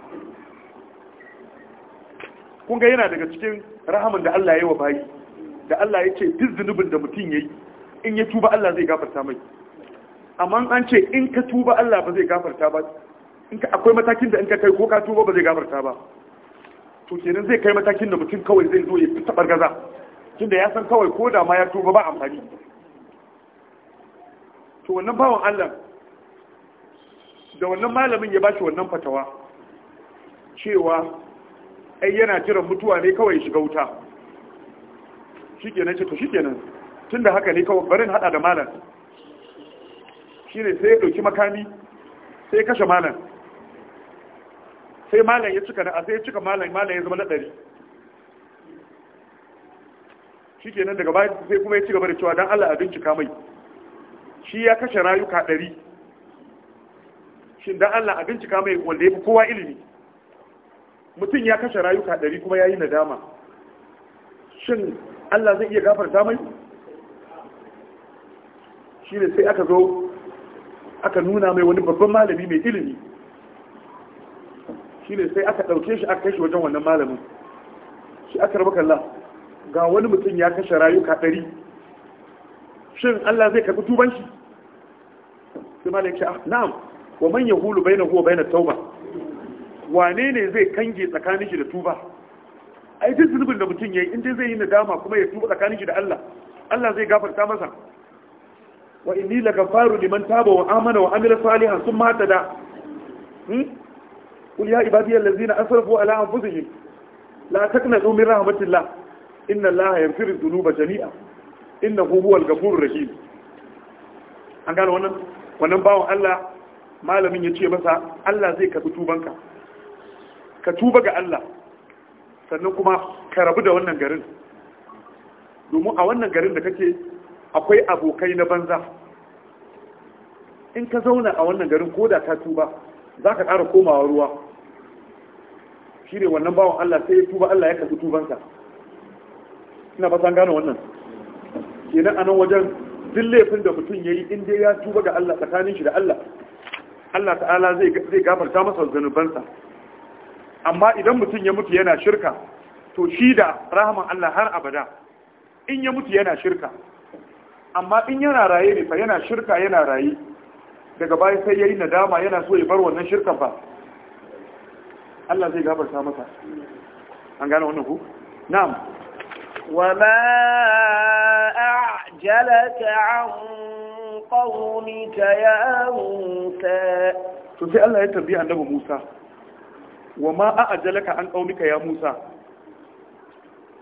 kun ga yana daga cikin rahaman da Allah ya yi wa bayi da Allah ya ce duk zunubin da mutum ya yi in ya tuba Allah zai gafarta mai amma an ce in ka tuba Allah ba zai gafarta ba akwai matakin da in ka kai ko ka tuba ba zai gafarta ba to kenan zai kai matakin da mutum kawai zai zo ya fita bargaza tunda ya san kawai ko da ma ya tuba ba amfani to wannan bawan Allah da wannan malamin ya bashi wannan fatawa cewa ai yana jiran mutuwa ne kawai shiga wuta shikenan ce to shikenan tunda haka ne kawai barin hada da malam shine sai ya ɗauki makami sai ya kashe malam sai malam ya cika na sai ya cika malam malam ya zama na ɗari shi kenan daga bayan sai kuma ya ci gaba da cewa don Allah a bincika mai shi ya kashe rayuka ɗari shi don Allah a bincika mai wanda ya fi kowa ilimi mutum ya kashe rayuka ɗari kuma ya yi nadama shin Allah zai iya gafarta mai shi ne sai aka zo aka nuna mai wani babban malami mai ilimi shi ne sai aka ɗauke shi aka kai shi wajen wannan malamin shi aka rabu kalla ga wani mutum ya kashe rayuka ɗari shin Allah zai karɓi tuban shi sai malam ya ce ah, na'am wa man yahulu bainahu wa bainat tauba wane ne zai kange tsakanin shi da tuba ai duk zunubin da mutum yayi in dai zai yi nadama kuma ya tuba tsakanin shi da Allah Allah zai gafarta masa wa inni lagafaru liman taba wa amana wa amila salihan sun mata da hmm? قل يا عبادي الذين أسرفوا على أنفسهم لا تقنطوا من رحمة الله إن الله يغفر الذنوب جميعا إنه هو الغفور الرحيم an gano wannan wannan bawon Allah malamin ya ce masa Allah zai karbi tubanka ka tuba ga Allah sannan kuma ka rabu da wannan garin domin a wannan garin da kake akwai abokai na banza in ka zauna a wannan garin ko da ka tuba za ka ƙara komawa ruwa shi ne wannan bawan Allah sai ya tuba Allah ya kasu tubansa ina san gane wannan kenan a nan wajen duk laifin da mutum ya yi in dai ya tuba ga Allah tsakanin shi da Allah Allah ta'ala zai gafarta masa zanubansa amma idan mutum ya mutu yana shirka to shi da rahaman Allah har abada in ya mutu yana shirka amma in yana raye ne fa yana shirka yana raye daga baya sai yayi nadama yana so ya bar wannan shirkan fa Allah zai gafarta masa an gane wannan ku na'am wama a'jalaka an qawmika ya Musa to sai Allah ya tambaye annabi Musa wama a'jalaka an qawmika ya Musa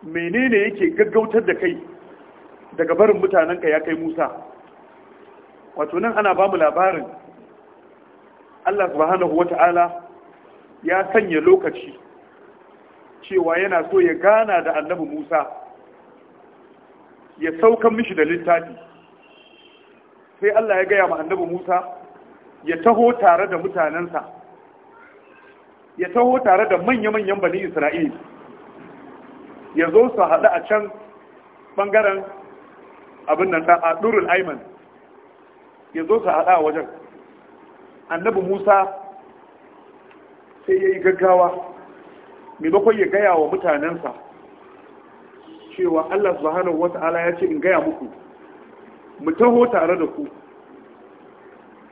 menene yake gaggautar da kai daga barin mutanenka ya kai Musa wato nan ana ba mu labarin Allah subhanahu wata'ala ya sanya lokaci cewa yana so ya gana da annabi Musa ya saukan mishi da littafi sai Allah ya gaya ma annabi Musa ya taho tare da mutanensa ya taho tare da manya-manyan bani Isra'il ya zo su haɗu a can ɓangaren abin nan ɗan a ɗurul aiman ya zo su haɗa wajen annabi musa sai ya yi gaggawa maimakon ya gaya wa mutanensa cewa allah subhanahu wata'ala ya ce in gaya muku mu taho tare da ku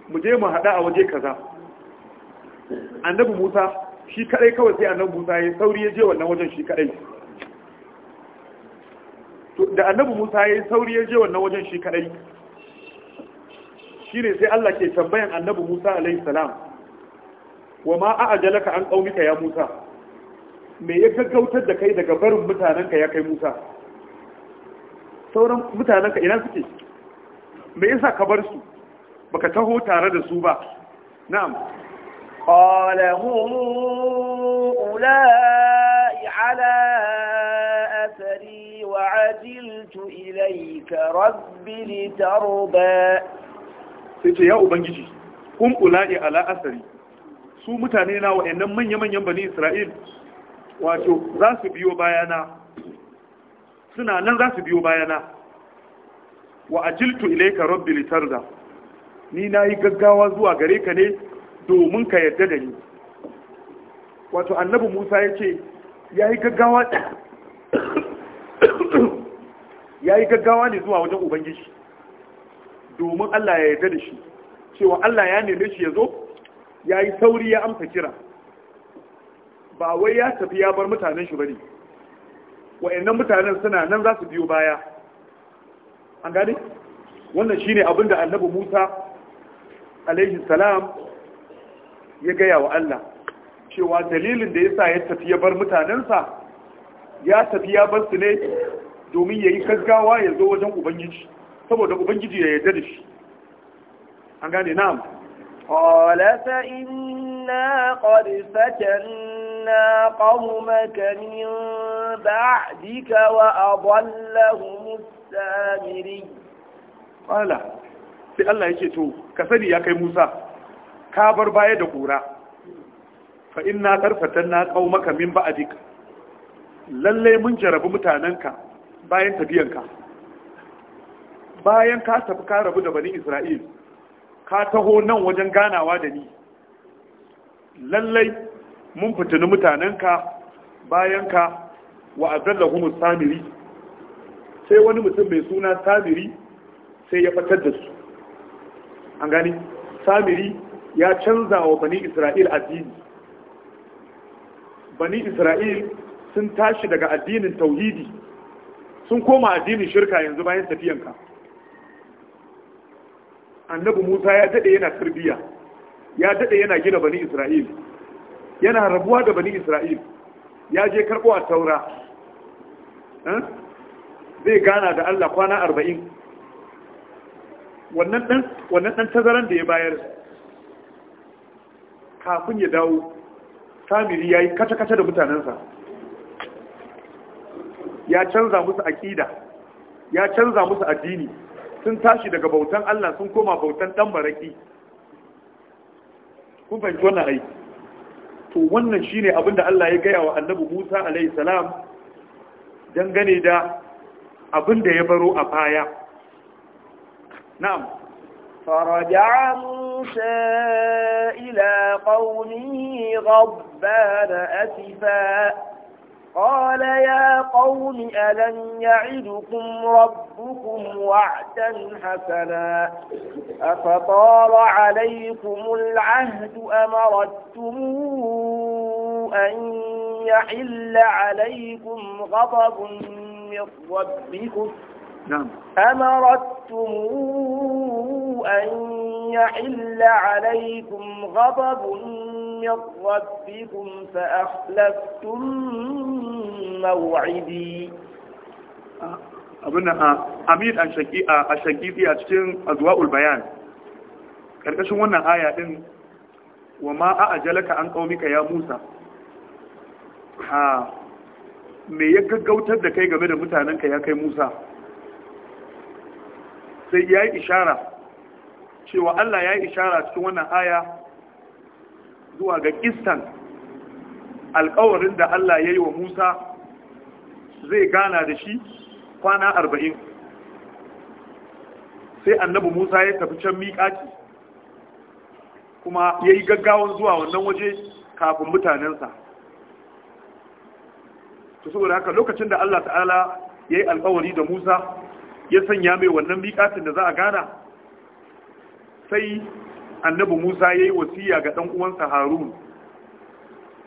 mu je mu haɗa a waje kaza annabi musa shi kadai kawai sai annabi musa ya sauri ya je wannan wajen shi kadai da annabi musa ya sauri ya je wannan wajen shi kadai shine sai Allah ke tambayan annabi Musa alaihi salam wa ma a'ajalaka an qaumika ya Musa me ya gaggautar da kai daga barin mutanenka ya kai Musa sauran mutanenka ina suke me yasa ka bar su baka taho tare da su ba na'am qala hum ulai ala athari wa ajiltu ilayka rabbi litarda sai ce ya ubangiji kun ula'i ala asari su mutane na wa'annan manya-manyan bani isra'il wato za su biyo bayana suna nan za su biyo bayana wa ajiltu ilaika rabbi litarda ni na yi gaggawa zuwa gare ka ne domin ka yarda da ni wato annabi musa ya ce gaggawa ya yi gaggawa ne zuwa wajen ubangiji domin Allah ya yarda da shi cewa Allah ya neme shi ya zo ya yi sauri ya amsa kira ba wai ya tafi ya bar mutanen shi bane wa'annan mutanen suna nan za su biyo baya an gane wannan shine abin da annabi Musa alaihi salam ya gaya wa Allah cewa dalilin da ya sa ya tafi ya bar mutanensa ya tafi ya bar su ne domin yayi gaggawa ya zo wajen ubangiji saboda ubangiji ya yarda da shi an gane na'am qala fa inna qad fatanna qaumaka min ba'dika wa adallahum samiri qala sai Allah yake to ka sani ya kai Musa ka bar baya da kura fa inna na qaumaka min ba'dika Lallai mun jarabi mutanenka, bayan tafiyanka bayan ka tafi ka rabu da bani isra'il ka taho nan wajen ganawa da ni lallai mun fitini mutanenka ka wa Abdullahi samiri sai wani mutum mai suna samiri sai ya fatar da su an gani samiri ya canza wa bani isra'il addini bani isra'il sun tashi daga addinin tauhidi sun koma addinin shirka yanzu bayan tafiyanka annabi musa ya daɗe yana tarbiyya ya daɗe yana gina bani isra'il yana rabuwa da bani isra'il ya je karɓo a taura eh? zai gana da allah kwana arba'in wannan ɗan tazaran da ya bayar kafin ya dawo samiri ya yi kata-kata da mutanensa ya canza musu aƙida ya canza musu addini sun tashi daga bautan Allah sun koma bautan dan baraki kun fahimci wannan ai to wannan shine abin da Allah ya gaya wa annabi Musa alaihi salam dangane da abin da ya baro a baya na'am فرجع موسى إلى قومه غضبان قال يا قوم ألم يعدكم ربكم وعدا حسنا أفطال عليكم العهد أمرتم أن يحل عليكم غضب من ربكم نعم أمرتم أن يحل عليكم غضب من ربكم فأخلفتم موعدي abinda a amir a shakifi a cikin azuwa'ul bayan ƙarƙashin wannan aya ɗin wa ma a ajalaka an ya musa ha me ya gaggautar da kai game da mutanenka ya kai musa sai ya yi ishara cewa allah ya yi ishara cikin wannan aya zuwa ga kistan alkawarin da Allah ya yi wa Musa zai gana da shi kwana arba'in sai annabi Musa ya tafi can miƙaƙi, kuma ya yi gaggawan zuwa wannan waje kafin mutanensa ta saboda haka lokacin da Allah ta'ala ya yi alkawari da Musa ya sanya mai wannan miƙacin da za a gana sai annabi Musa ya yi wasiya ga ɗan uwansa Harun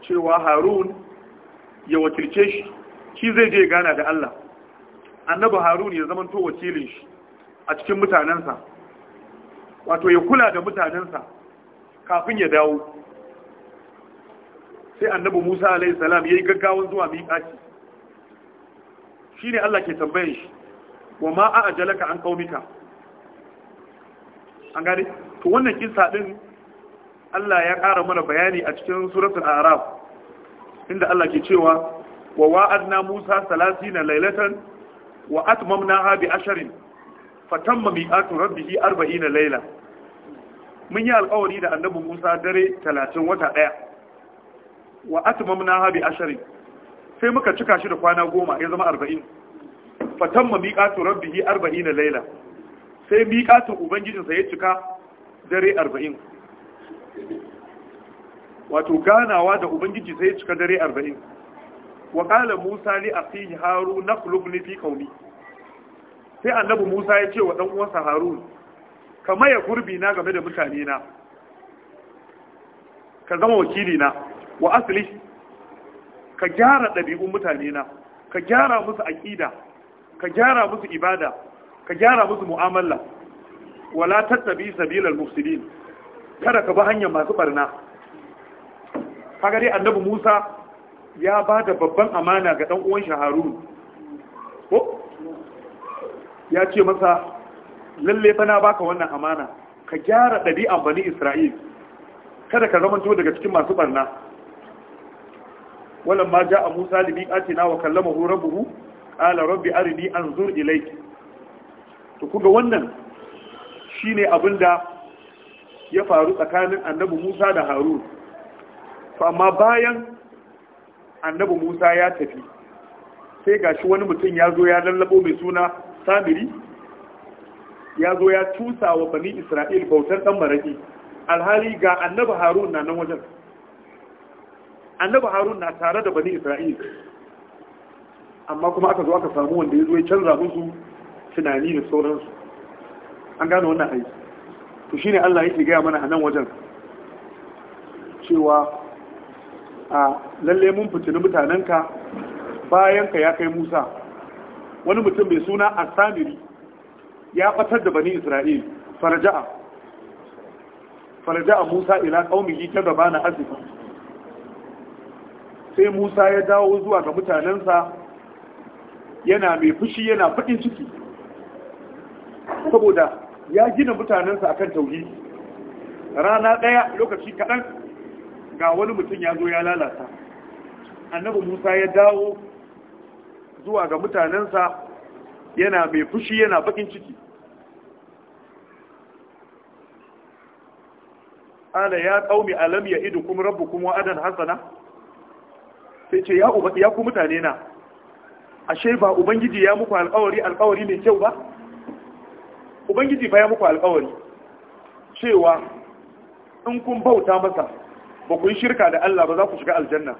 cewa Harun ya wakilce shi shi zai je gana da Allah annabi Harun ya zama zamanto wakilin shi a cikin mutanensa wato ya kula da mutanensa kafin ya dawo sai annabi Musa alaihi salam yi gaggawan zuwa Shi shine Allah ke tambayan shi wa ma a'ajalaka an qaumika an gane to wannan kisa din Allah ya ƙara mana bayani a cikin suratul a'raf inda Allah ke cewa wa wa'adna Musa 30 lailatan wa atmamnaha bi asharin fatamma mi'atu rabbih 40 laila mun yi alƙawari da annabi Musa dare 30 wata daya wa atmamnaha bi asharin sai muka cika shi da kwana goma ya zama 40 fatamma mi'atu rabbih 40 laila sai mi'atu ubangijinsa ya cika dare arba'in wato ganawa da ubangiji sai cika dare arba'in wa ƙala musa li a haru na kulubni fi ƙauni. sai annabi musa ya ce wa ɗan uwansa harun ka maye gurbi na game da mutane na ka zama wakili na wa asali ka gyara ɗabi'un mutane na ka gyara musu aƙida ka gyara musu ibada ka gyara musu mu'amala wala tattabi sabilal mufsidin kada ka bi hanyar masu barna kaga dai annabi Musa ya ba da babban amana ga dan uwan shaharun ko ya ce masa lalle fa na baka wannan amana ka gyara ɗabi'an bani Isra'il kada ka zamanto daga cikin masu barna wannan ma ja a Musa libi atina wa kallama rabbuhu qala rabbi arini anzur ilayk to kuga wannan shine abun da ya faru tsakanin annabi Musa da Harun amma bayan annabi Musa ya tafi sai gashi wani mutum ya zo ya lallabo mai suna Samiri ya zo ya tusa wa bani Isra'il bautar dan maraki alhali ga annabi Harun na nan wajen annabi Harun na tare da bani Isra'il amma kuma aka zo aka samu wanda ya zo ya canza musu tunani da sauransu an gane wannan aiki to shine Allah yake gaya mana a nan wajen cewa a lalle mun fitini mutanenka bayan ka ya kai Musa wani mutum mai suna Asamiri ya batar da bani Isra'il farja'a farja'a Musa ila qaumihi kadabana azifa sai Musa ya dawo zuwa ga mutanensa yana mai fushi yana faɗin ciki saboda ya gina mutanensa akan tauhidi rana daya lokaci kadan ga wani mutum ya zo ya lalata annabi Musa ya dawo zuwa ga mutanensa yana mai fushi yana bakin ciki ala ya qaumi alam ya'idukum rabbukum wa'adan hasana sai ce ya uba ya ku mutane na ashe ba ubangiji ya muku alƙawari alƙawari mai kyau ba ubangiji fa ya muku alkawari cewa in kun bauta masa ba ku yi shirka da Allah ba za ku shiga aljanna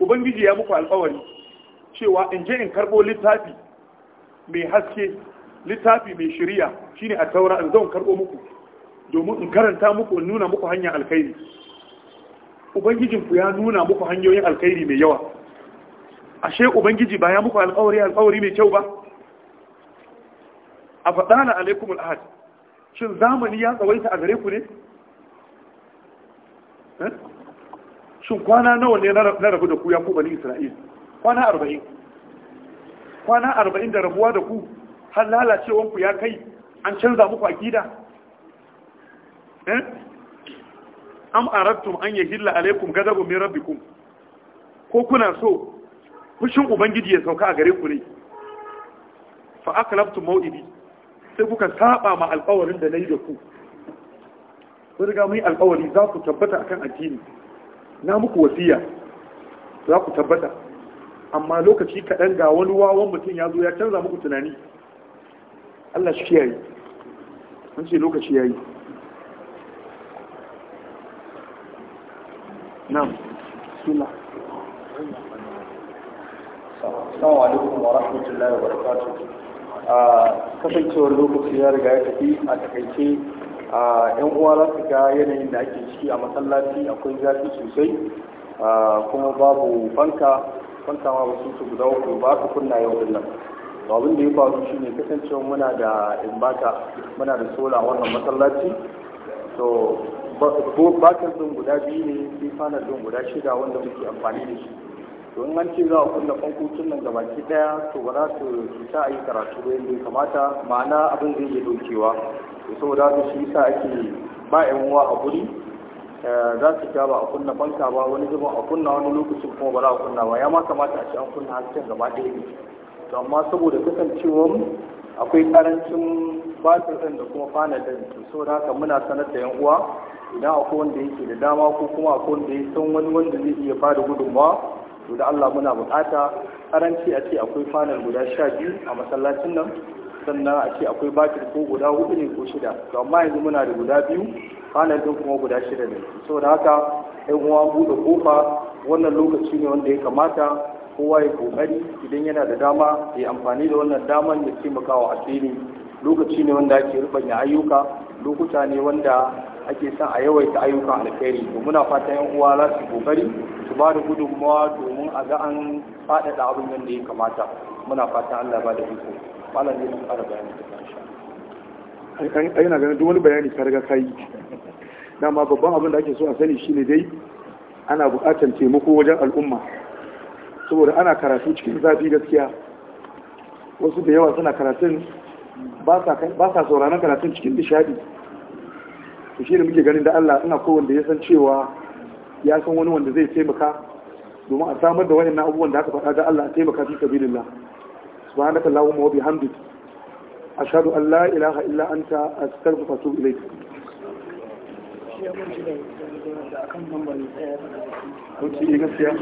ubangiji ya muku alkawari cewa in je in karbo littafi mai haske littafi mai shirya shine a taura in zo in karbo muku domin in karanta muku in nuna muku hanyar alkhairi ubangijinku ya nuna muku hanyoyin alkhairi mai yawa ashe ubangiji ba ya muku alkawari alkawari mai kyau ba a faɗana alaikumul ahad shin zamani ya tsawaita a gare ku ne shin kwana nawa ne na rabu da ku ya ku bani isra'il kwana arba'in kwana arba'in da rabuwa da ku har lalacewanku ya kai an canza muku akida am arattum an hila alaikum gadabun min rabbikum ko kuna so fushin ubangiji ya sauka a gare ku ne fa aklabtum mau'idi sai kuka saba ma alƙawarin da na yi da ku sai riga mai alƙawari za ku tabbata akan addini na muku wasiya za ku tabbata amma lokaci kaɗan ga wani wawan mutum ya zo ya canza muku tunani Allah shi yi an ce lokaci ya yi suna sawa alaikum wa rahmatullahi wa barakatuh a kasancewar lokaci ya riga ya tafi a takaice yan uwa za su ga yanayin da ake ciki a masallaci akwai zafi sosai kuma babu fanka fanka ma ba su guda uku ba su kunna yau da nan to abin da ya faru shine kasancewar muna da imbata muna da sola wannan masallaci to bakar din guda biyu ne sai fanar din guda shida wanda muke amfani da shi to in an ce za a kunna fankocin nan ga baki daya to ba za su sa a yi karatu ba yadda ya kamata ma'ana abin zai iya dokewa to saboda su shi sa ake ba yan uwa a guri eh, za su ja ba a kunna fanka ba wani zubin a kunna wani lokacin kuma ba za a kunna ba ya ma kamata a ce an kunna hasken gaba ɗaya ne to amma saboda kasancewar akwai karancin batir ɗin da kuma fanal ɗin to saboda haka muna sanar da yan uwa idan akwai wanda yake da dama ko kuma akwai wanda ya san wani wanda zai iya da gudunmawa to da Allah muna bukata karanci a ce akwai fanar guda sha biyu a masallacin nan sannan a ce akwai batir ko guda hudu ne ko shida to amma yanzu muna da guda biyu fanar din kuma guda shida ne saboda haka ɗan uwa buɗe kofa wannan lokaci ne wanda ya kamata kowa ya kokari idan yana da dama ya amfani da wannan damar ya taimaka wa asiri lokaci ne wanda ake rubanya ayyuka lokuta ne wanda ake son a yawaita ayyukan alkhairi to muna fatan yan uwa za su kokari su ba da gudunmawa domin a ga an faɗaɗa abin yadda ya kamata muna fatan Allah ba da iko malam ne mun fara bayani da kanshi ai na ganin duk wani bayani ka riga kai dama babban abin da ake so a sani shine dai ana buƙatar taimako wajen al'umma saboda ana karatu cikin zafi gaskiya wasu da yawa suna karatun ba sa sauraron karatun cikin nishadi su shi da muke ganin da Allah ina kowane da ya san cewa ya san wani wanda zai taimaka domin a samar da wani abubuwan da aka faɗa da Allah a taimaka fi ba haɗa kallawun mawabi Hamdu. A shaɗu Allah ilaha illa an ta a atubu ilayk Kun ci eh, gaskiya?